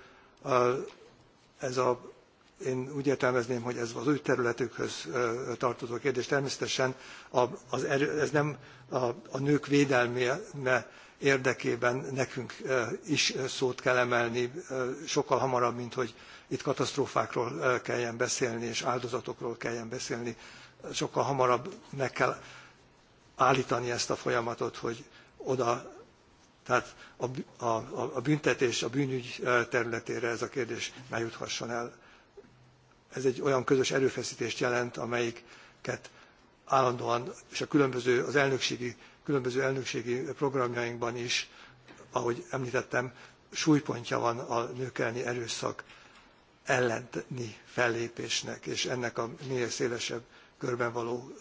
Ez a, én úgy értelmezném, hogy ez az ő területükhöz tartozó kérdés. Természetesen a, az erő, ez nem a, a nők védelme érdekében nekünk is szót kell emelni, sokkal hamarabb, mint hogy itt katasztrófákról kelljen beszélni, és áldozatokról kelljen beszélni. Sokkal hamarabb meg kell állítani ezt a folyamatot, hogy oda, tehát a, a, a büntetés, a bűnügy területére ez a kérdés ne juthasson el. Ez egy olyan közös erőfeszítést jelent, amelyiket állandóan, és a különböző, az elnökségi különböző elnökségi programjainkban is, ahogy említettem, súlypontja van a nők elleni erőszak elleni fellépésnek, és ennek a minél szélesebb körben való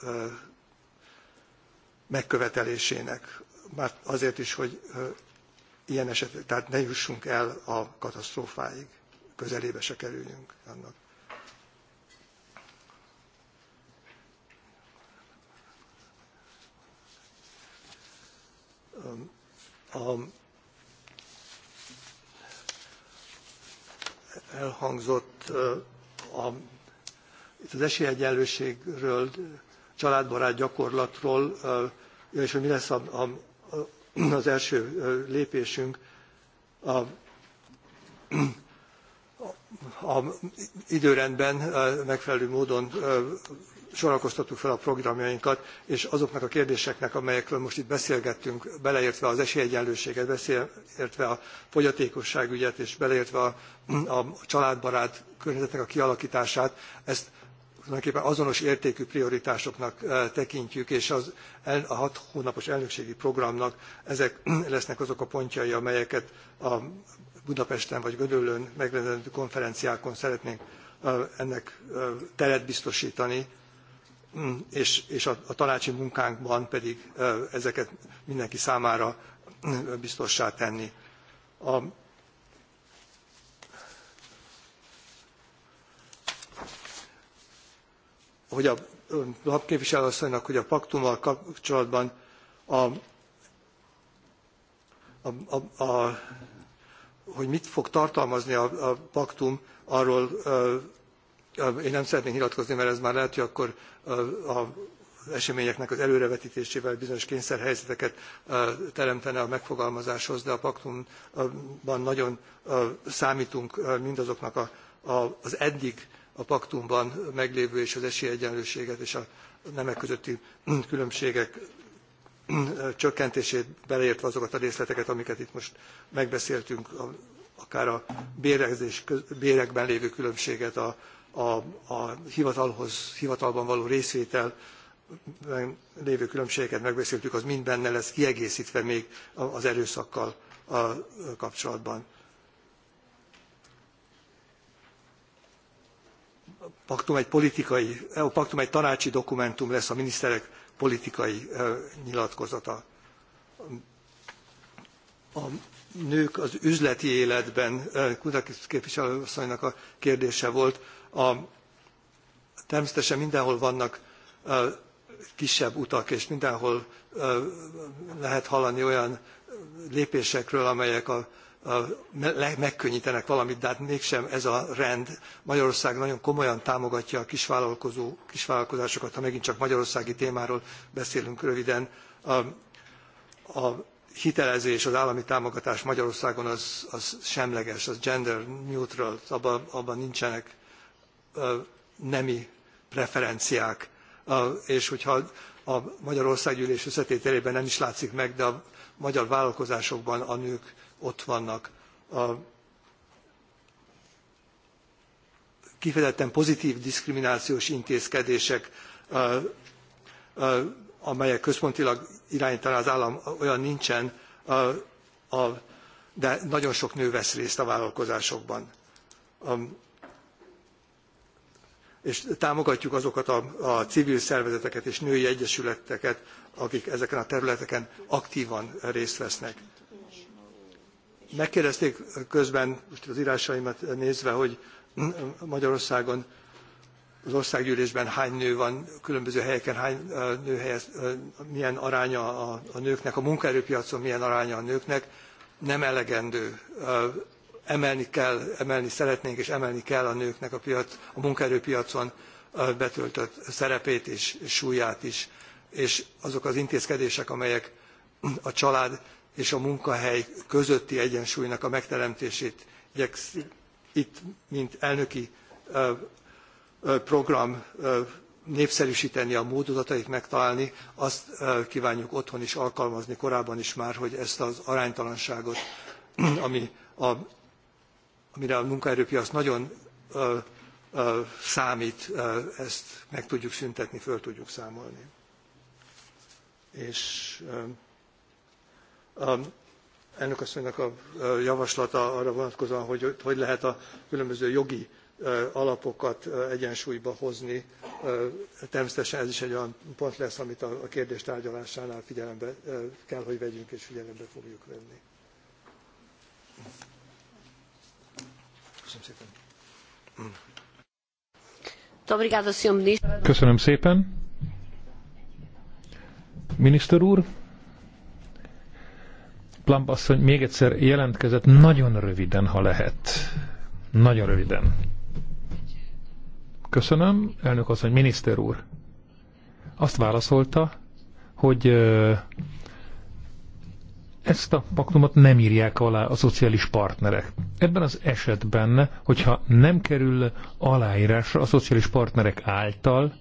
megkövetelésének. Már azért is, hogy ilyen esetek, tehát ne jussunk el a katasztrófáig, közelébe se kerüljünk annak. a elhangzott a, itt az esélyegyenlőségről, családbarát gyakorlatról, és hogy mi lesz a, a, a, az első lépésünk. A, a, a időrendben megfelelő módon sorakoztattuk fel a programjainkat, és azoknak a kérdéseknek, amelyekről most itt beszélgettünk, beleértve az esélyegyenlőséget, beleértve a fogyatékosságügyet, és beleértve a, a családbarát környezetnek a kialakítását, ezt tulajdonképpen azonos értékű prioritásoknak eh, tekintjük, és az el, a hat hónapos elnökségi programnak ezek lesznek azok a pontjai, amelyeket a Budapesten vagy Gödöllőn megrendező konferenciákon szeretnénk eh, ennek eh, teret biztosítani, Mm, és, és a, a tanácsi munkánkban pedig ezeket mindenki számára biztossá tenni. A, hogy a lapképviselőasszonynak, hogy a paktummal kapcsolatban a, a, a, a, hogy mit fog tartalmazni a, a paktum, arról én nem szeretnék nyilatkozni, mert ez már lehet, hogy akkor az eseményeknek az előrevetítésével bizonyos kényszerhelyzeteket teremtene a megfogalmazáshoz, de a paktumban nagyon számítunk mindazoknak a, a, az eddig a paktumban meglévő és az esélyegyenlőséget és a nemek közötti különbségek csökkentését beleértve azokat a részleteket, amiket itt most megbeszéltünk, akár a bérekben lévő különbséget, a, a, a hivatalhoz, hivatalban való részvétel lévő különbségeket megbeszéltük, az mind benne lesz kiegészítve még az erőszakkal a kapcsolatban. paktum egy politikai, a paktum egy tanácsi dokumentum lesz a miniszterek politikai nyilatkozata. A nők az üzleti életben, Kudak képviselőasszonynak a kérdése volt, a, természetesen mindenhol vannak kisebb utak, és mindenhol lehet hallani olyan lépésekről, amelyek a, a, megkönnyítenek valamit, de hát mégsem ez a rend. Magyarország nagyon komolyan támogatja a kisvállalkozó, kisvállalkozásokat, ha megint csak magyarországi témáról beszélünk röviden. A, a hitelezés, az állami támogatás Magyarországon az, az semleges, az gender neutral, abban abba nincsenek nemi preferenciák. És hogyha a Magyarország gyűlés összetételében nem is látszik meg, de a magyar vállalkozásokban a nők ott vannak. kifejezetten pozitív diszkriminációs intézkedések, amelyek központilag irányítaná az állam, olyan nincsen, de nagyon sok nő vesz részt a vállalkozásokban és támogatjuk azokat a, a civil szervezeteket és női egyesületeket, akik ezeken a területeken aktívan részt vesznek. Megkérdezték közben, most az írásaimat nézve, hogy Magyarországon az országgyűlésben hány nő van, különböző helyeken hány nő helyez, milyen aránya a, a nőknek, a munkaerőpiacon milyen aránya a nőknek, nem elegendő emelni kell, emelni szeretnénk és emelni kell a nőknek a, piac, a munkaerőpiacon betöltött szerepét és súlyát is, és azok az intézkedések, amelyek a család és a munkahely közötti egyensúlynak a megteremtését igyekszik itt, mint elnöki program népszerűsíteni a módozatait megtalálni, azt kívánjuk otthon is alkalmazni, korábban is már, hogy ezt az aránytalanságot, ami a amire a munkaerőpiac nagyon ö, ö, számít, ö, ezt meg tudjuk szüntetni, föl tudjuk számolni. És ö, a elnök asszonynak a javaslata arra vonatkozóan, hogy hogy lehet a különböző jogi alapokat egyensúlyba hozni. Természetesen ez is egy olyan pont lesz, amit a kérdés tárgyalásánál figyelembe kell, hogy vegyünk és figyelembe fogjuk venni. Köszönöm szépen. Köszönöm szépen. Miniszter úr, Plumb asszony még egyszer jelentkezett, nagyon röviden, ha lehet. Nagyon röviden. Köszönöm, elnök asszony, miniszter úr. Azt válaszolta, hogy ezt a paktumot nem írják alá a szociális partnerek. Ebben az esetben, hogyha nem kerül aláírásra a szociális partnerek által,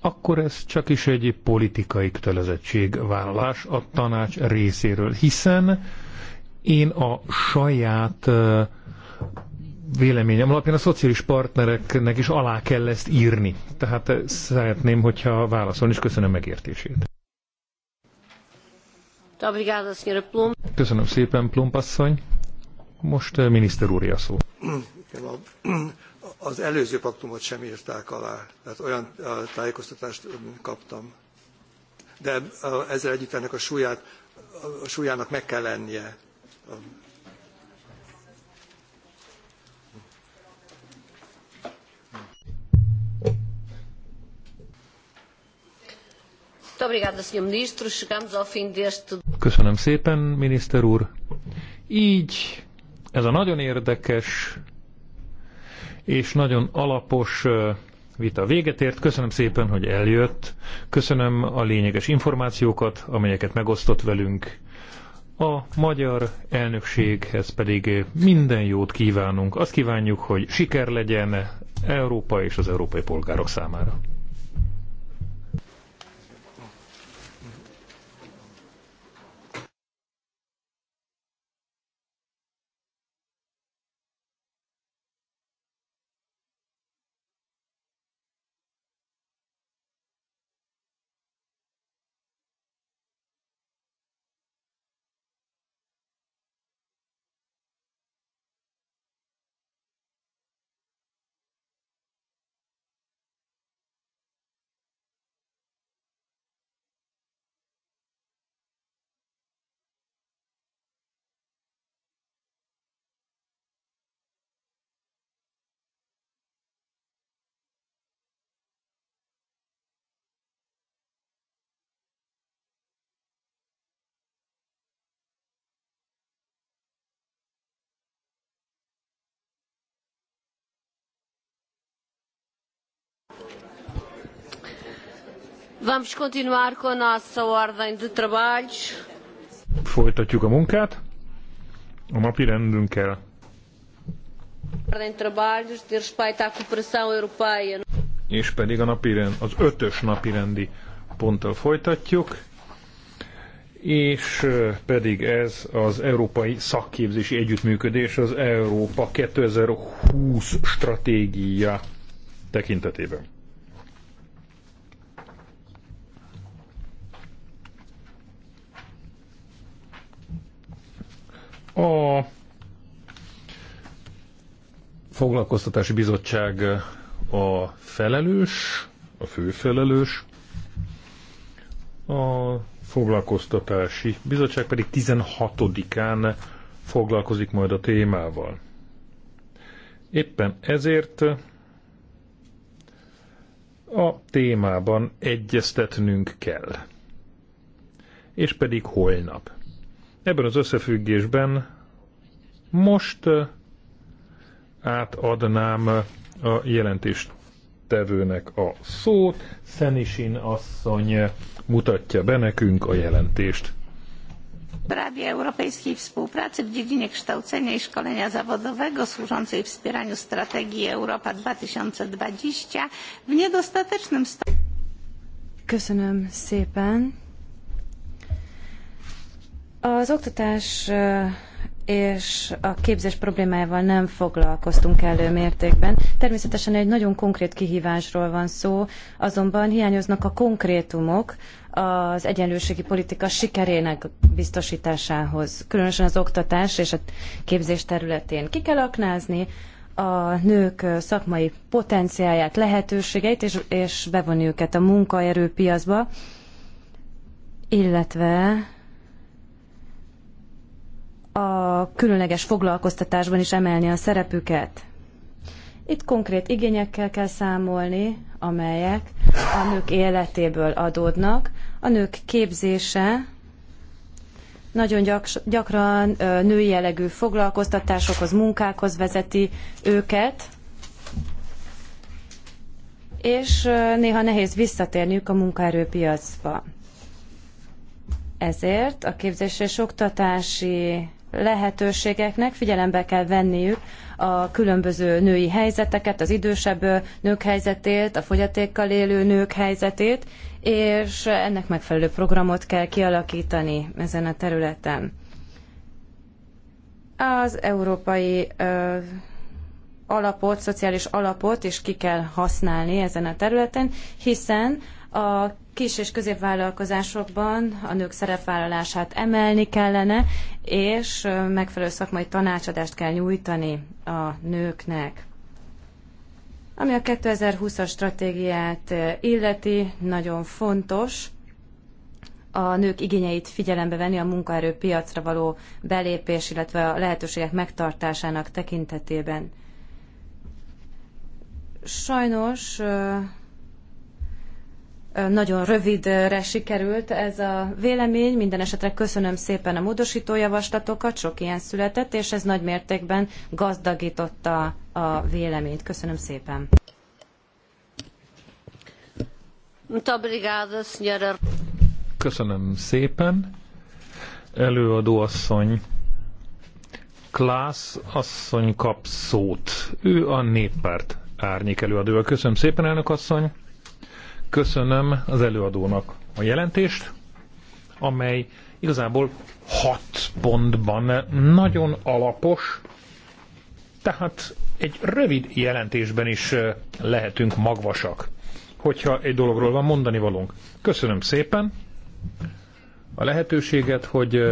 akkor ez csak is egy politikai kötelezettségvállalás a tanács részéről, hiszen én a saját véleményem alapján a szociális partnereknek is alá kell ezt írni. Tehát szeretném, hogyha válaszolni, és köszönöm megértését. Köszönöm szépen, Plump asszony. Most eh, miniszter úr szó. Az előző paktumot sem írták alá, tehát olyan eh, tájékoztatást eh, kaptam. De ezzel együtt ennek a súlyát, a súlyának meg kell lennie Köszönöm szépen, miniszter úr. Így ez a nagyon érdekes és nagyon alapos vita véget ért. Köszönöm szépen, hogy eljött. Köszönöm a lényeges információkat, amelyeket megosztott velünk. A magyar elnökséghez pedig minden jót kívánunk. Azt kívánjuk, hogy siker legyen Európa és az európai polgárok számára. Vamos continuar com a nossa ordem de trabalhos. Folytatjuk a munkát a napi rendünkkel. Ordem de trabalhos de respeito à cooperação europeia. És pedig a napi rend, az ötös napi rendi ponttal folytatjuk, és pedig ez az Európai Szakképzési Együttműködés, az Európa 2020 stratégia tekintetében. A foglalkoztatási bizottság a felelős, a főfelelős, a foglalkoztatási bizottság pedig 16-án foglalkozik majd a témával. Éppen ezért a témában egyeztetnünk kell. És pedig holnap. Ebben az összefüggésben most átadnám a jelentést tevőnek a szót. Szenisin asszony mutatja be nekünk a jelentést prawie europejskiej współpracy w dziedzinie kształcenia i szkolenia zawodowego służącej wspieraniu strategii Europa 2020 w niedostatecznym stopniu. Köszönöm szépen. Az oktatás és a képzés problémájával nem foglalkoztunk elő mértékben. Természetesen egy nagyon konkrét kihívásról van szó, azonban hiányoznak a konkrétumok, az egyenlőségi politika sikerének biztosításához, különösen az oktatás és a képzés területén. Ki kell aknázni a nők szakmai potenciáját, lehetőségeit, és, és bevonni őket a munkaerőpiacba, illetve a különleges foglalkoztatásban is emelni a szerepüket. Itt konkrét igényekkel kell számolni, amelyek a nők életéből adódnak, a nők képzése nagyon gyaks, gyakran női jellegű foglalkoztatásokhoz, munkákhoz vezeti őket, és néha nehéz visszatérniük a munkaerőpiacba. Ezért a képzés és oktatási lehetőségeknek figyelembe kell venniük a különböző női helyzeteket, az idősebb nők helyzetét, a fogyatékkal élő nők helyzetét, és ennek megfelelő programot kell kialakítani ezen a területen. Az európai ö, alapot, szociális alapot is ki kell használni ezen a területen, hiszen a kis és középvállalkozásokban a nők szerepvállalását emelni kellene, és megfelelő szakmai tanácsadást kell nyújtani a nőknek. Ami a 2020-as stratégiát illeti, nagyon fontos a nők igényeit figyelembe venni a munkaerőpiacra való belépés, illetve a lehetőségek megtartásának tekintetében. Sajnos nagyon rövidre sikerült ez a vélemény. Minden esetre köszönöm szépen a módosító javaslatokat, sok ilyen született, és ez nagy mértékben gazdagította a véleményt. Köszönöm szépen. Köszönöm szépen. Előadó asszony. Klász asszony kap szót. Ő a néppárt árnyék előadója. Köszönöm szépen, elnök asszony. Köszönöm az előadónak a jelentést, amely igazából hat pontban nagyon alapos, tehát egy rövid jelentésben is lehetünk magvasak, hogyha egy dologról van mondani valunk. Köszönöm szépen a lehetőséget, hogy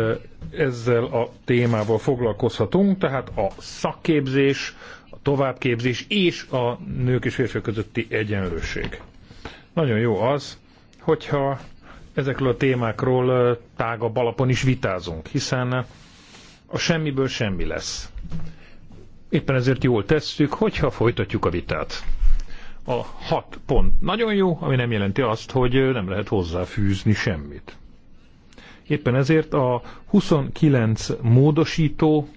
ezzel a témával foglalkozhatunk, tehát a szakképzés, a továbbképzés és a nők és férfiak közötti egyenlőség. Nagyon jó az, hogyha ezekről a témákról tágabb alapon is vitázunk, hiszen a semmiből semmi lesz. Éppen ezért jól tesszük, hogyha folytatjuk a vitát. A hat pont nagyon jó, ami nem jelenti azt, hogy nem lehet hozzáfűzni semmit. Éppen ezért a 29 módosító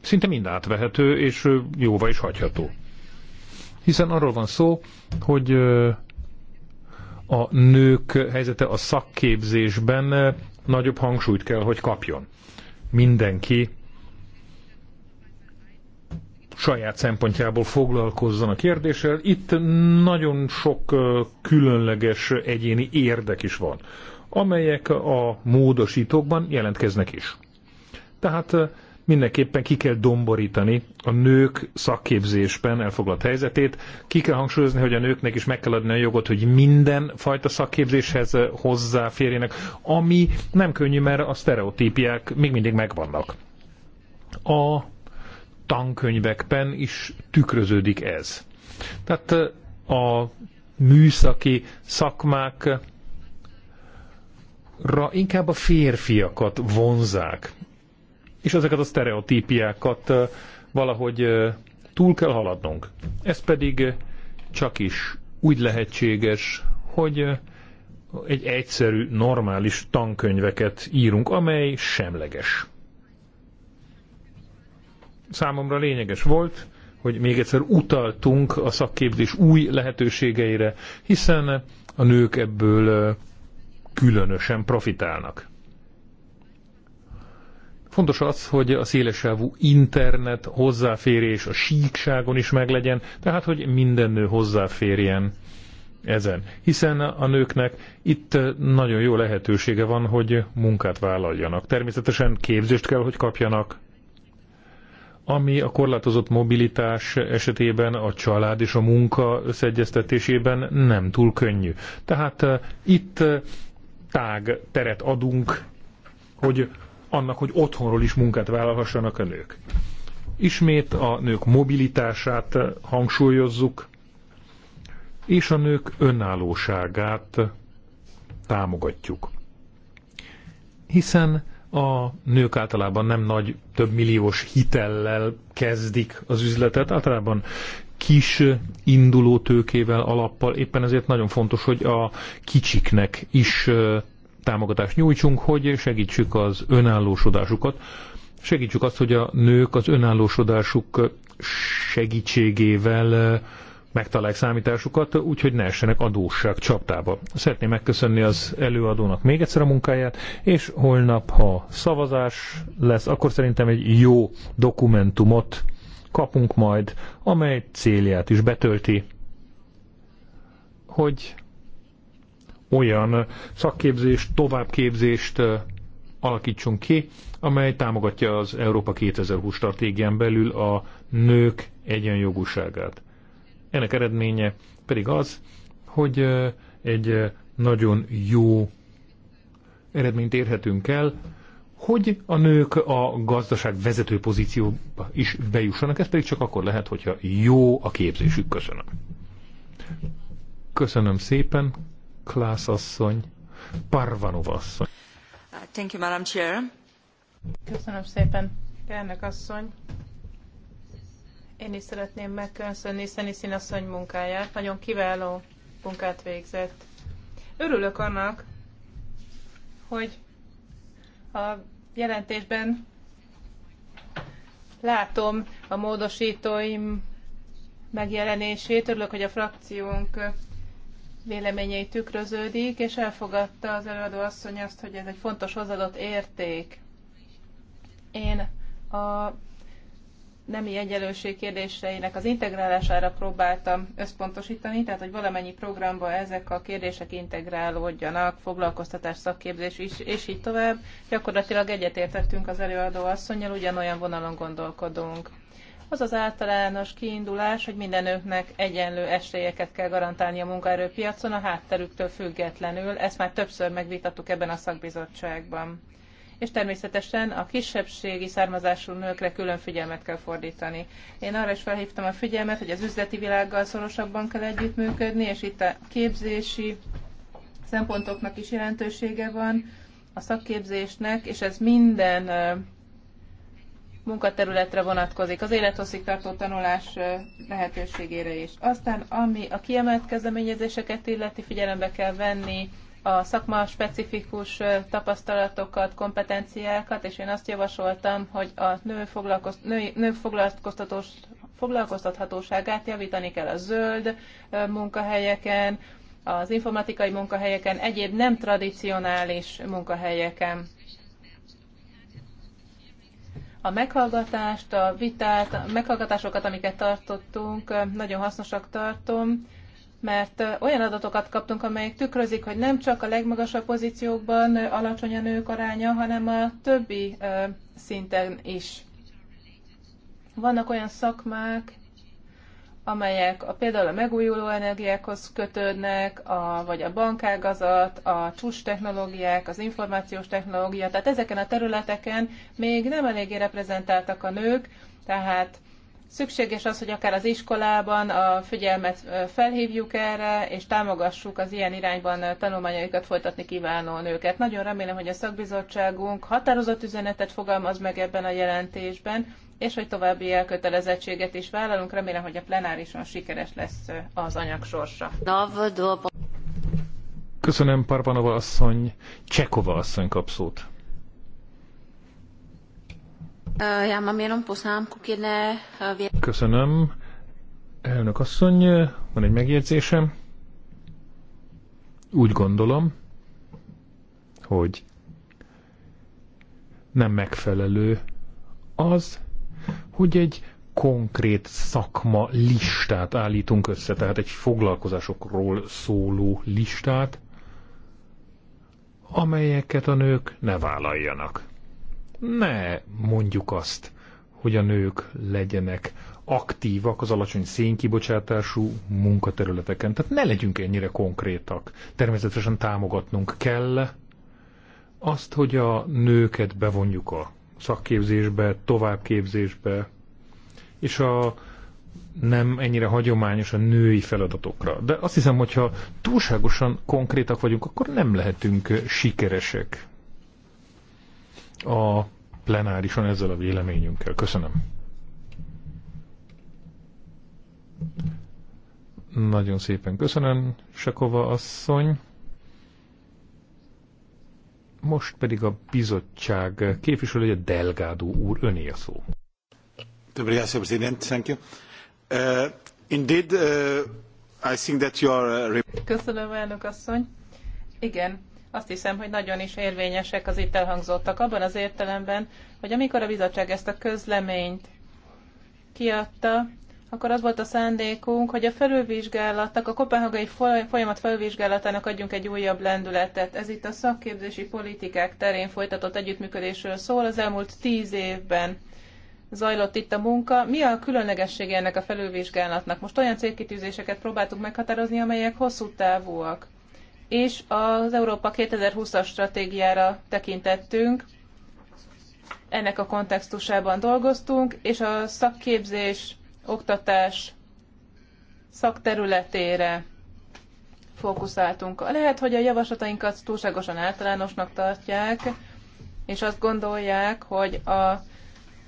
szinte mind átvehető és jóvá is hagyható. Hiszen arról van szó, hogy a nők helyzete a szakképzésben eh, nagyobb hangsúlyt kell, hogy kapjon. Mindenki saját szempontjából foglalkozzon a kérdéssel. Itt nagyon sok eh, különleges egyéni érdek is van, amelyek a módosítókban jelentkeznek is. Tehát eh, mindenképpen ki kell domborítani a nők szakképzésben elfoglalt helyzetét. Ki kell hangsúlyozni, hogy a nőknek is meg kell adni a jogot, hogy minden fajta szakképzéshez eh, hozzáférjenek, ami nem könnyű, mert a sztereotípiák még mindig megvannak. A tankönyvekben is tükröződik ez. Tehát eh, a műszaki szakmák inkább a férfiakat vonzák és ezeket a sztereotípiákat valahogy túl kell haladnunk. Ez pedig csak is úgy lehetséges, hogy egy egyszerű, normális tankönyveket írunk, amely semleges. Számomra lényeges volt, hogy még egyszer utaltunk a szakképzés új lehetőségeire, hiszen a nők ebből különösen profitálnak. Fontos az, hogy a szélesávú internet hozzáférés a síkságon is meglegyen, tehát hogy minden nő hozzáférjen ezen. Hiszen a nőknek itt nagyon jó lehetősége van, hogy munkát vállaljanak. Természetesen képzést kell, hogy kapjanak, ami a korlátozott mobilitás esetében a család és a munka összeegyeztetésében nem túl könnyű. Tehát itt tág teret adunk, hogy annak, hogy otthonról is munkát vállalhassanak a nők. Ismét a nők mobilitását hangsúlyozzuk, és a nők önállóságát támogatjuk. Hiszen a nők általában nem nagy, több milliós hitellel kezdik az üzletet, általában kis induló tőkével, alappal, éppen ezért nagyon fontos, hogy a kicsiknek is támogatást nyújtsunk, hogy segítsük az önállósodásukat, segítsük azt, hogy a nők az önállósodásuk segítségével eh, megtalálják számításukat, úgyhogy ne essenek adósság csaptába. Szeretném megköszönni az előadónak még egyszer a munkáját, és holnap, ha szavazás lesz, akkor szerintem egy jó dokumentumot kapunk majd, amely célját is betölti, hogy olyan szakképzést, továbbképzést alakítsunk ki, amely támogatja az Európa 2020 stratégián belül a nők egyenjogúságát. Ennek eredménye pedig az, hogy egy nagyon jó eredményt érhetünk el, hogy a nők a gazdaság vezető pozícióba is bejussanak, ez pedig csak akkor lehet, hogyha jó a képzésük. Köszönöm. Köszönöm szépen. Klász asszony, Parvanov asszony. Uh, thank you, Madam Chair. Köszönöm szépen, elnök asszony. Én is szeretném megköszönni Szeni Színasszony munkáját. Nagyon kiváló munkát végzett. Örülök annak, hogy a jelentésben látom a módosítóim megjelenését. Örülök, hogy a frakciónk véleményei tükröződik, és elfogadta az előadó asszony azt, hogy ez egy fontos hozadott érték. Én a nemi egyenlőség kérdéseinek az integrálására próbáltam összpontosítani, tehát hogy valamennyi programban ezek a kérdések integrálódjanak, foglalkoztatás, szakképzés is, és így tovább. Gyakorlatilag egyetértettünk az előadó asszonynal, ugyanolyan vonalon gondolkodunk az az általános kiindulás, hogy mindenőknek egyenlő esélyeket kell garantálni a munkaerőpiacon a hátterüktől függetlenül. Ezt már többször megvitattuk ebben a szakbizottságban. És természetesen a kisebbségi származású nőkre külön figyelmet kell fordítani. Én arra is felhívtam a figyelmet, hogy az üzleti világgal szorosabban kell együttműködni, és itt a képzési szempontoknak is jelentősége van, a szakképzésnek, és ez minden munkaterületre vonatkozik, az élethosszígtartó tanulás lehetőségére is. Aztán, ami a kiemelt kezdeményezéseket illeti, figyelembe kell venni a szakma specifikus tapasztalatokat, kompetenciákat, és én azt javasoltam, hogy a nő, nő, nő foglalkoztatós, foglalkoztathatóságát javítani kell a zöld munkahelyeken, az informatikai munkahelyeken, egyéb nem tradicionális munkahelyeken a meghallgatást, a vitát, a meghallgatásokat, amiket tartottunk, nagyon hasznosak tartom, mert olyan adatokat kaptunk, amelyek tükrözik, hogy nem csak a legmagasabb pozíciókban alacsony a nők aránya, hanem a többi szinten is. Vannak olyan szakmák, amelyek a, például a megújuló energiákhoz kötődnek, a, vagy a bankágazat, a csúcs technológiák, az információs technológia, tehát ezeken a területeken még nem eléggé reprezentáltak a nők, tehát Szükséges az, hogy akár az iskolában a figyelmet felhívjuk erre, és támogassuk az ilyen irányban tanulmányaikat folytatni kívánó nőket. Nagyon remélem, hogy a szakbizottságunk határozott üzenetet fogalmaz meg ebben a jelentésben, és hogy további elkötelezettséget is vállalunk. Remélem, hogy a plenárison sikeres lesz az anyag sorsa. Köszönöm, Parvanova asszony. Csekova asszony kapszót. Eh, eh, Köszönöm. Elnök asszony, van egy megjegyzésem. Úgy gondolom, hogy nem megfelelő az, hogy egy konkrét szakma listát állítunk össze, tehát egy foglalkozásokról szóló listát, amelyeket a nők ne vállaljanak ne mondjuk azt, hogy a nők legyenek aktívak az alacsony szénkibocsátású munkaterületeken. Tehát ne legyünk ennyire konkrétak. Természetesen támogatnunk kell azt, hogy a nőket bevonjuk a szakképzésbe, továbbképzésbe, és a nem ennyire hagyományos a női feladatokra. De azt hiszem, hogyha túlságosan konkrétak vagyunk, akkor nem lehetünk sikeresek a plenárison ezzel a véleményünkkel. Köszönöm. Nagyon szépen köszönöm, Sekova asszony. Most pedig a bizottság képviselője Delgado úr, öné a szó. Uh, uh, köszönöm, elnök asszony. Igen, azt hiszem, hogy nagyon is érvényesek az itt elhangzottak abban az értelemben, hogy amikor a bizottság ezt a közleményt kiadta, akkor az volt a szándékunk, hogy a felülvizsgálatnak, a kopenhagai folyamat felülvizsgálatának adjunk egy újabb lendületet. Ez itt a szakképzési politikák terén folytatott együttműködésről szól az elmúlt tíz évben zajlott itt a munka. Mi a különlegessége ennek a felülvizsgálatnak? Most olyan célkitűzéseket próbáltuk meghatározni, amelyek hosszú távúak és az Európa 2020-as stratégiára tekintettünk, ennek a kontextusában dolgoztunk, és a szakképzés, oktatás szakterületére fókuszáltunk. Lehet, hogy a javaslatainkat túlságosan általánosnak tartják, és azt gondolják, hogy a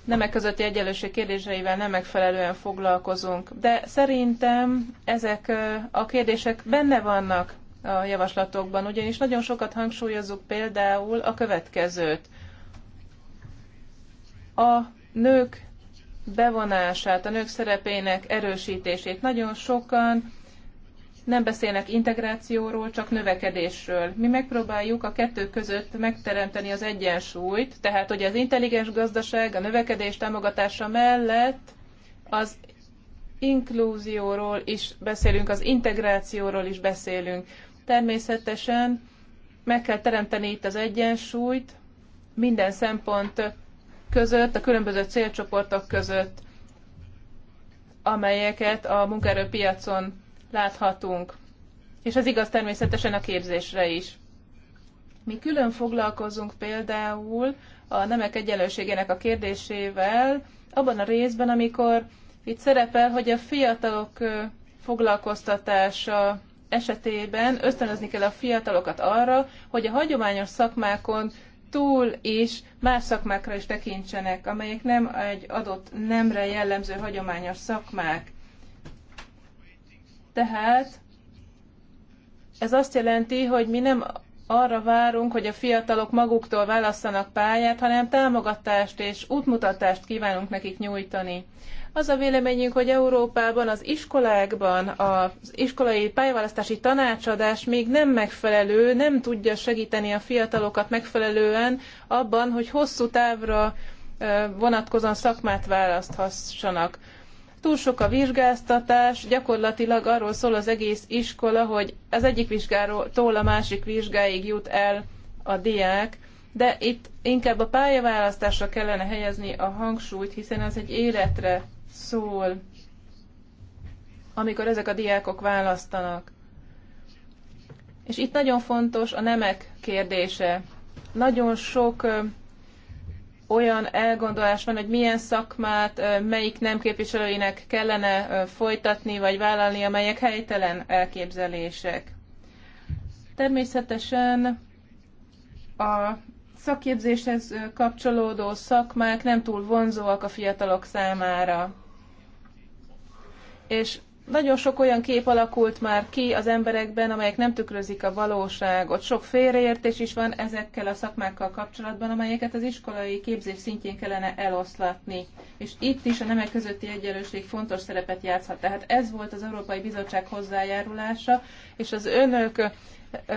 nemek közötti egyenlőség kérdéseivel nem megfelelően foglalkozunk. De szerintem ezek a kérdések benne vannak a javaslatokban, ugyanis nagyon sokat hangsúlyozzuk például a következőt. A nők bevonását, a nők szerepének erősítését. Nagyon sokan nem beszélnek integrációról, csak növekedésről. Mi megpróbáljuk a kettő között megteremteni az egyensúlyt, tehát hogy az intelligens gazdaság a növekedés támogatása mellett az inklúzióról is beszélünk, az integrációról is beszélünk. Természetesen meg kell teremteni itt az egyensúlyt minden szempont között, a különböző célcsoportok között, amelyeket a munkaerőpiacon láthatunk. És ez igaz természetesen a képzésre is. Mi külön foglalkozunk például a nemek egyenlőségének a kérdésével, abban a részben, amikor itt szerepel, hogy a fiatalok foglalkoztatása esetében ösztönözni kell a fiatalokat arra, hogy a hagyományos szakmákon túl is más szakmákra is tekintsenek, amelyek nem egy adott nemre jellemző hagyományos szakmák. Tehát ez azt jelenti, hogy mi nem arra várunk, hogy a fiatalok maguktól válasszanak pályát, hanem támogatást és útmutatást kívánunk nekik nyújtani. Az a véleményünk, hogy Európában az iskolákban az iskolai pályaválasztási tanácsadás még nem megfelelő, nem tudja segíteni a fiatalokat megfelelően abban, hogy hosszú távra vonatkozóan szakmát választhassanak. Túl sok a vizsgáztatás, gyakorlatilag arról szól az egész iskola, hogy az egyik vizsgáról a másik vizsgáig jut el a diák, de itt inkább a pályaválasztásra kellene helyezni a hangsúlyt, hiszen az egy életre szól, amikor ezek a diákok választanak. És itt nagyon fontos a nemek kérdése. Nagyon sok olyan elgondolás van, hogy milyen szakmát melyik nem képviselőinek kellene folytatni vagy vállalni, amelyek helytelen elképzelések. Természetesen a szakképzéshez kapcsolódó szakmák nem túl vonzóak a fiatalok számára. És nagyon sok olyan kép alakult már ki az emberekben, amelyek nem tükrözik a valóságot. Sok félreértés is van ezekkel a szakmákkal kapcsolatban, amelyeket az iskolai képzés szintjén kellene eloszlatni. És itt is a nemek közötti egyenlőség fontos szerepet játszhat. Tehát ez volt az Európai Bizottság hozzájárulása, és az önök eh,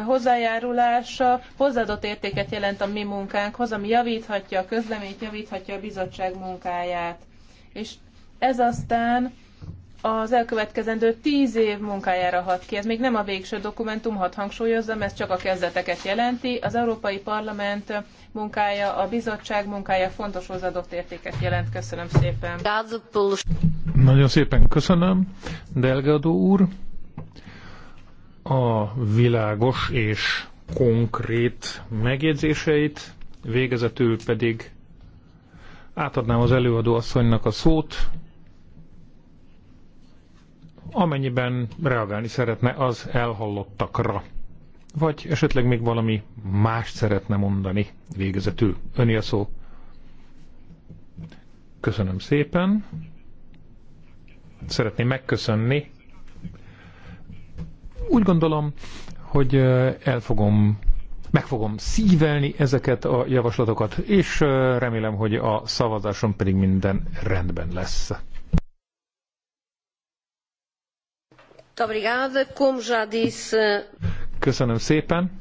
hozzájárulása hozzáadott értéket jelent a mi munkánkhoz, ami javíthatja a közleményt, javíthatja a bizottság munkáját. És ez aztán az elkövetkezendő tíz év munkájára hat ki. Ez még nem a végső dokumentum, hadd hangsúlyozzam, ez csak a kezdeteket jelenti. Az Európai Parlament munkája, a bizottság munkája fontos hozzáadott értéket jelent. Köszönöm szépen. Nagyon szépen köszönöm, Delgado úr. A világos és konkrét megjegyzéseit, végezetül pedig átadnám az előadó asszonynak a szót, amennyiben reagálni szeretne az elhallottakra. Vagy esetleg még valami mást szeretne mondani végezetül. Öni a szó. Köszönöm szépen. Szeretném megköszönni. Úgy gondolom, hogy el fogom, meg fogom szívelni ezeket a javaslatokat, és remélem, hogy a szavazáson pedig minden rendben lesz. Köszönöm szépen.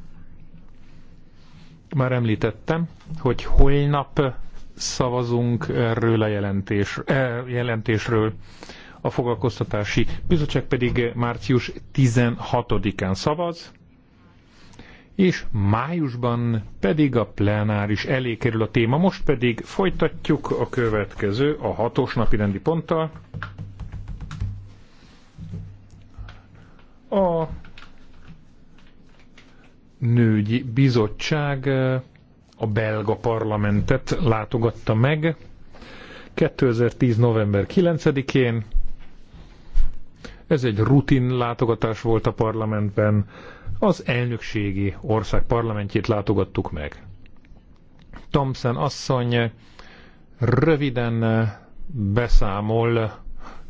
Már említettem, hogy holnap szavazunk erről a jelentés, e, jelentésről. A foglalkoztatási bizottság pedig március 16-án szavaz, és májusban pedig a plenáris elé kerül a téma. Most pedig folytatjuk a következő, a hatos napi rendi ponttal. A nőgyi bizottság eh, a belga parlamentet látogatta meg 2010. november 9-én. Ez egy rutin látogatás volt a parlamentben. Az elnökségi ország parlamentjét látogattuk meg. Thompson asszony eh, röviden eh, beszámol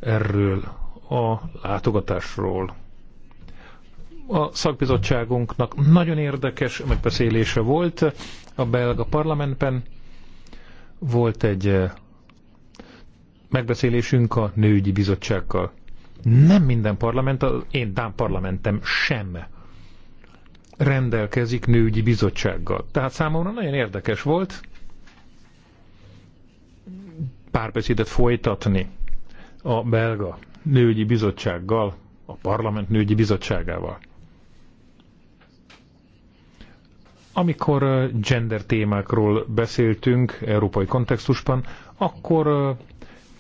erről a látogatásról a szakbizottságunknak nagyon érdekes megbeszélése volt a belga parlamentben. Volt egy eh, megbeszélésünk a nőgyi bizottsággal. Nem minden parlament, az én Dán parlamentem sem rendelkezik nőgyi bizottsággal. Tehát számomra nagyon érdekes volt párbeszédet folytatni a belga nőgyi bizottsággal, a parlament nőgyi bizottságával. Amikor gender témákról beszéltünk európai kontextusban, akkor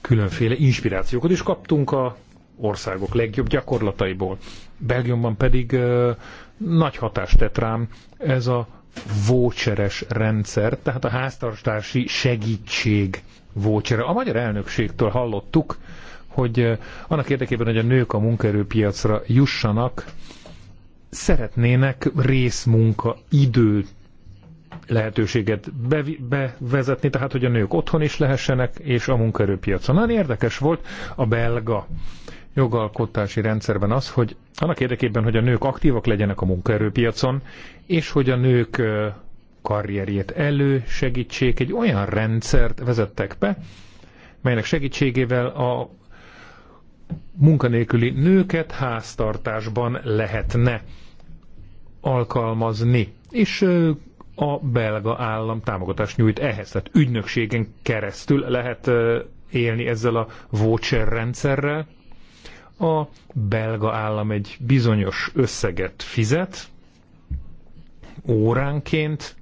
különféle inspirációkat is kaptunk a országok legjobb gyakorlataiból. Belgiumban pedig nagy hatást tett rám ez a vócseres rendszer, tehát a háztartási segítség vócsere. A magyar elnökségtől hallottuk, hogy annak érdekében, hogy a nők a munkaerőpiacra jussanak, szeretnének részmunka idő lehetőséget bevezetni, tehát hogy a nők otthon is lehessenek, és a munkaerőpiacon. Nagyon érdekes volt a belga jogalkotási rendszerben az, hogy annak érdekében, hogy a nők aktívak legyenek a munkaerőpiacon, és hogy a nők karrierjét elősegítsék, egy olyan rendszert vezettek be, melynek segítségével a munkanélküli nőket háztartásban lehetne alkalmazni, és a belga állam támogatást nyújt ehhez, tehát ügynökségen keresztül lehet élni ezzel a voucher rendszerrel. A belga állam egy bizonyos összeget fizet óránként,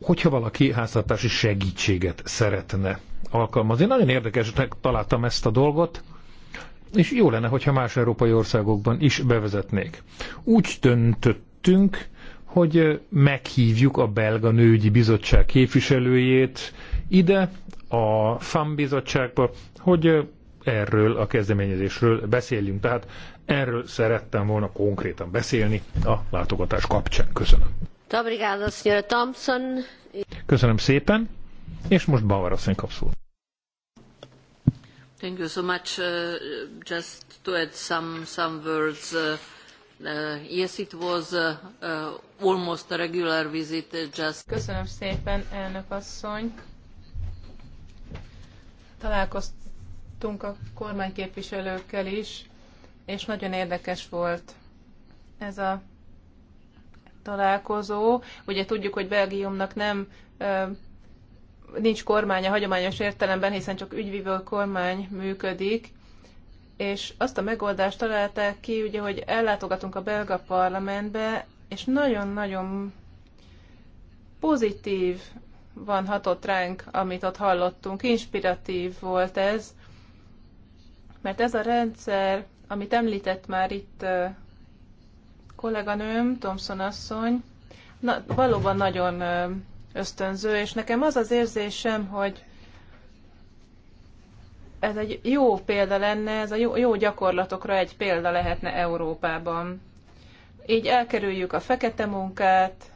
hogyha valaki háztartási segítséget szeretne alkalmazni. Nagyon érdekesnek találtam ezt a dolgot, és jó lenne, hogyha más európai országokban is bevezetnék. Úgy döntöttünk, hogy meghívjuk a belga nőgyi bizottság képviselőjét ide, a FAM bizottságba, hogy erről a kezdeményezésről beszéljünk. Tehát erről szerettem volna konkrétan beszélni a látogatás kapcsán. Köszönöm. Köszönöm szépen, és most Bauer asszony kap szót. Thank you so much. Uh, just to add some, some words. Uh, uh, yes, it was uh, uh, almost a regular visit. Uh, just. Köszönöm szépen, elnök asszony. Találkoztunk a kormányképviselőkkel is, és nagyon érdekes volt ez a találkozó. Ugye tudjuk, hogy Belgiumnak nem nincs kormánya hagyományos értelemben, hiszen csak ügyvívő kormány működik, és azt a megoldást találták ki, ugye, hogy ellátogatunk a belga parlamentbe, és nagyon-nagyon pozitív van hatott ránk, amit ott hallottunk, inspiratív volt ez, mert ez a rendszer, amit említett már itt kolléganőm, Thompson asszony, na, valóban nagyon ösztönző, és nekem az az érzésem, hogy ez egy jó példa lenne, ez a jó, jó gyakorlatokra egy példa lehetne Európában. Így elkerüljük a fekete munkát,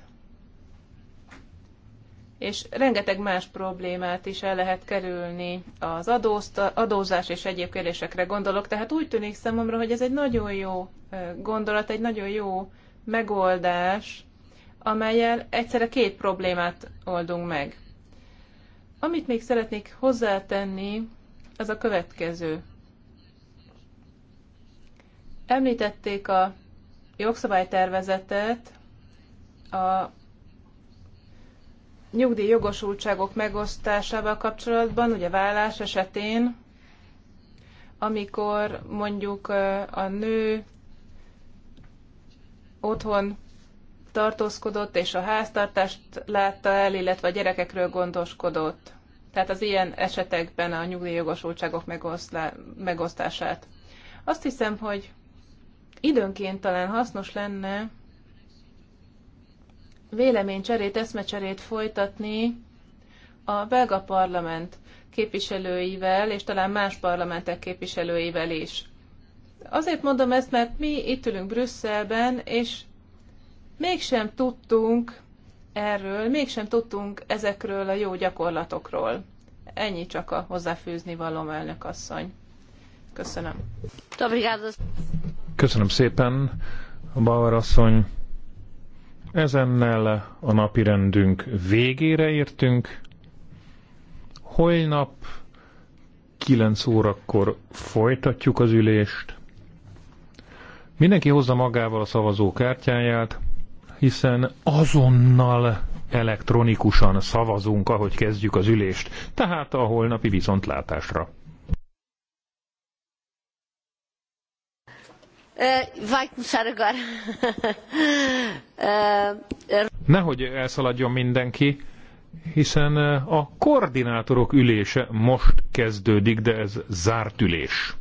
és rengeteg más problémát is el lehet kerülni az adózás és egyéb kérdésekre gondolok. Tehát úgy tűnik számomra, hogy ez egy nagyon jó gondolat, egy nagyon jó megoldás, amelyel egyszerre két problémát oldunk meg. Amit még szeretnék hozzátenni, az a következő. Említették a jogszabálytervezetet a nyugdíj jogosultságok megosztásával kapcsolatban, ugye vállás esetén, amikor mondjuk a nő otthon tartózkodott, és a háztartást látta el, illetve a gyerekekről gondoskodott. Tehát az ilyen esetekben a nyugdíjjogosultságok megosztását. Azt hiszem, hogy időnként talán hasznos lenne véleménycserét, eszmecserét folytatni a belga parlament képviselőivel, és talán más parlamentek képviselőivel is. Azért mondom ezt, mert mi itt ülünk Brüsszelben, és mégsem tudtunk erről, mégsem tudtunk ezekről a jó gyakorlatokról. Ennyi csak a hozzáfűzni való elnök asszony. Köszönöm. Köszönöm szépen, Bauer asszony. Ezennel a napi rendünk végére értünk. Holnap 9 órakor folytatjuk az ülést. Mindenki hozza magával a szavazókártyáját, hiszen azonnal elektronikusan szavazunk, ahogy kezdjük az ülést, tehát a holnapi viszontlátásra. Vai começar agora. Nehogy elszaladjon mindenki, hiszen a koordinátorok ülése most kezdődik, de ez zárt ülés.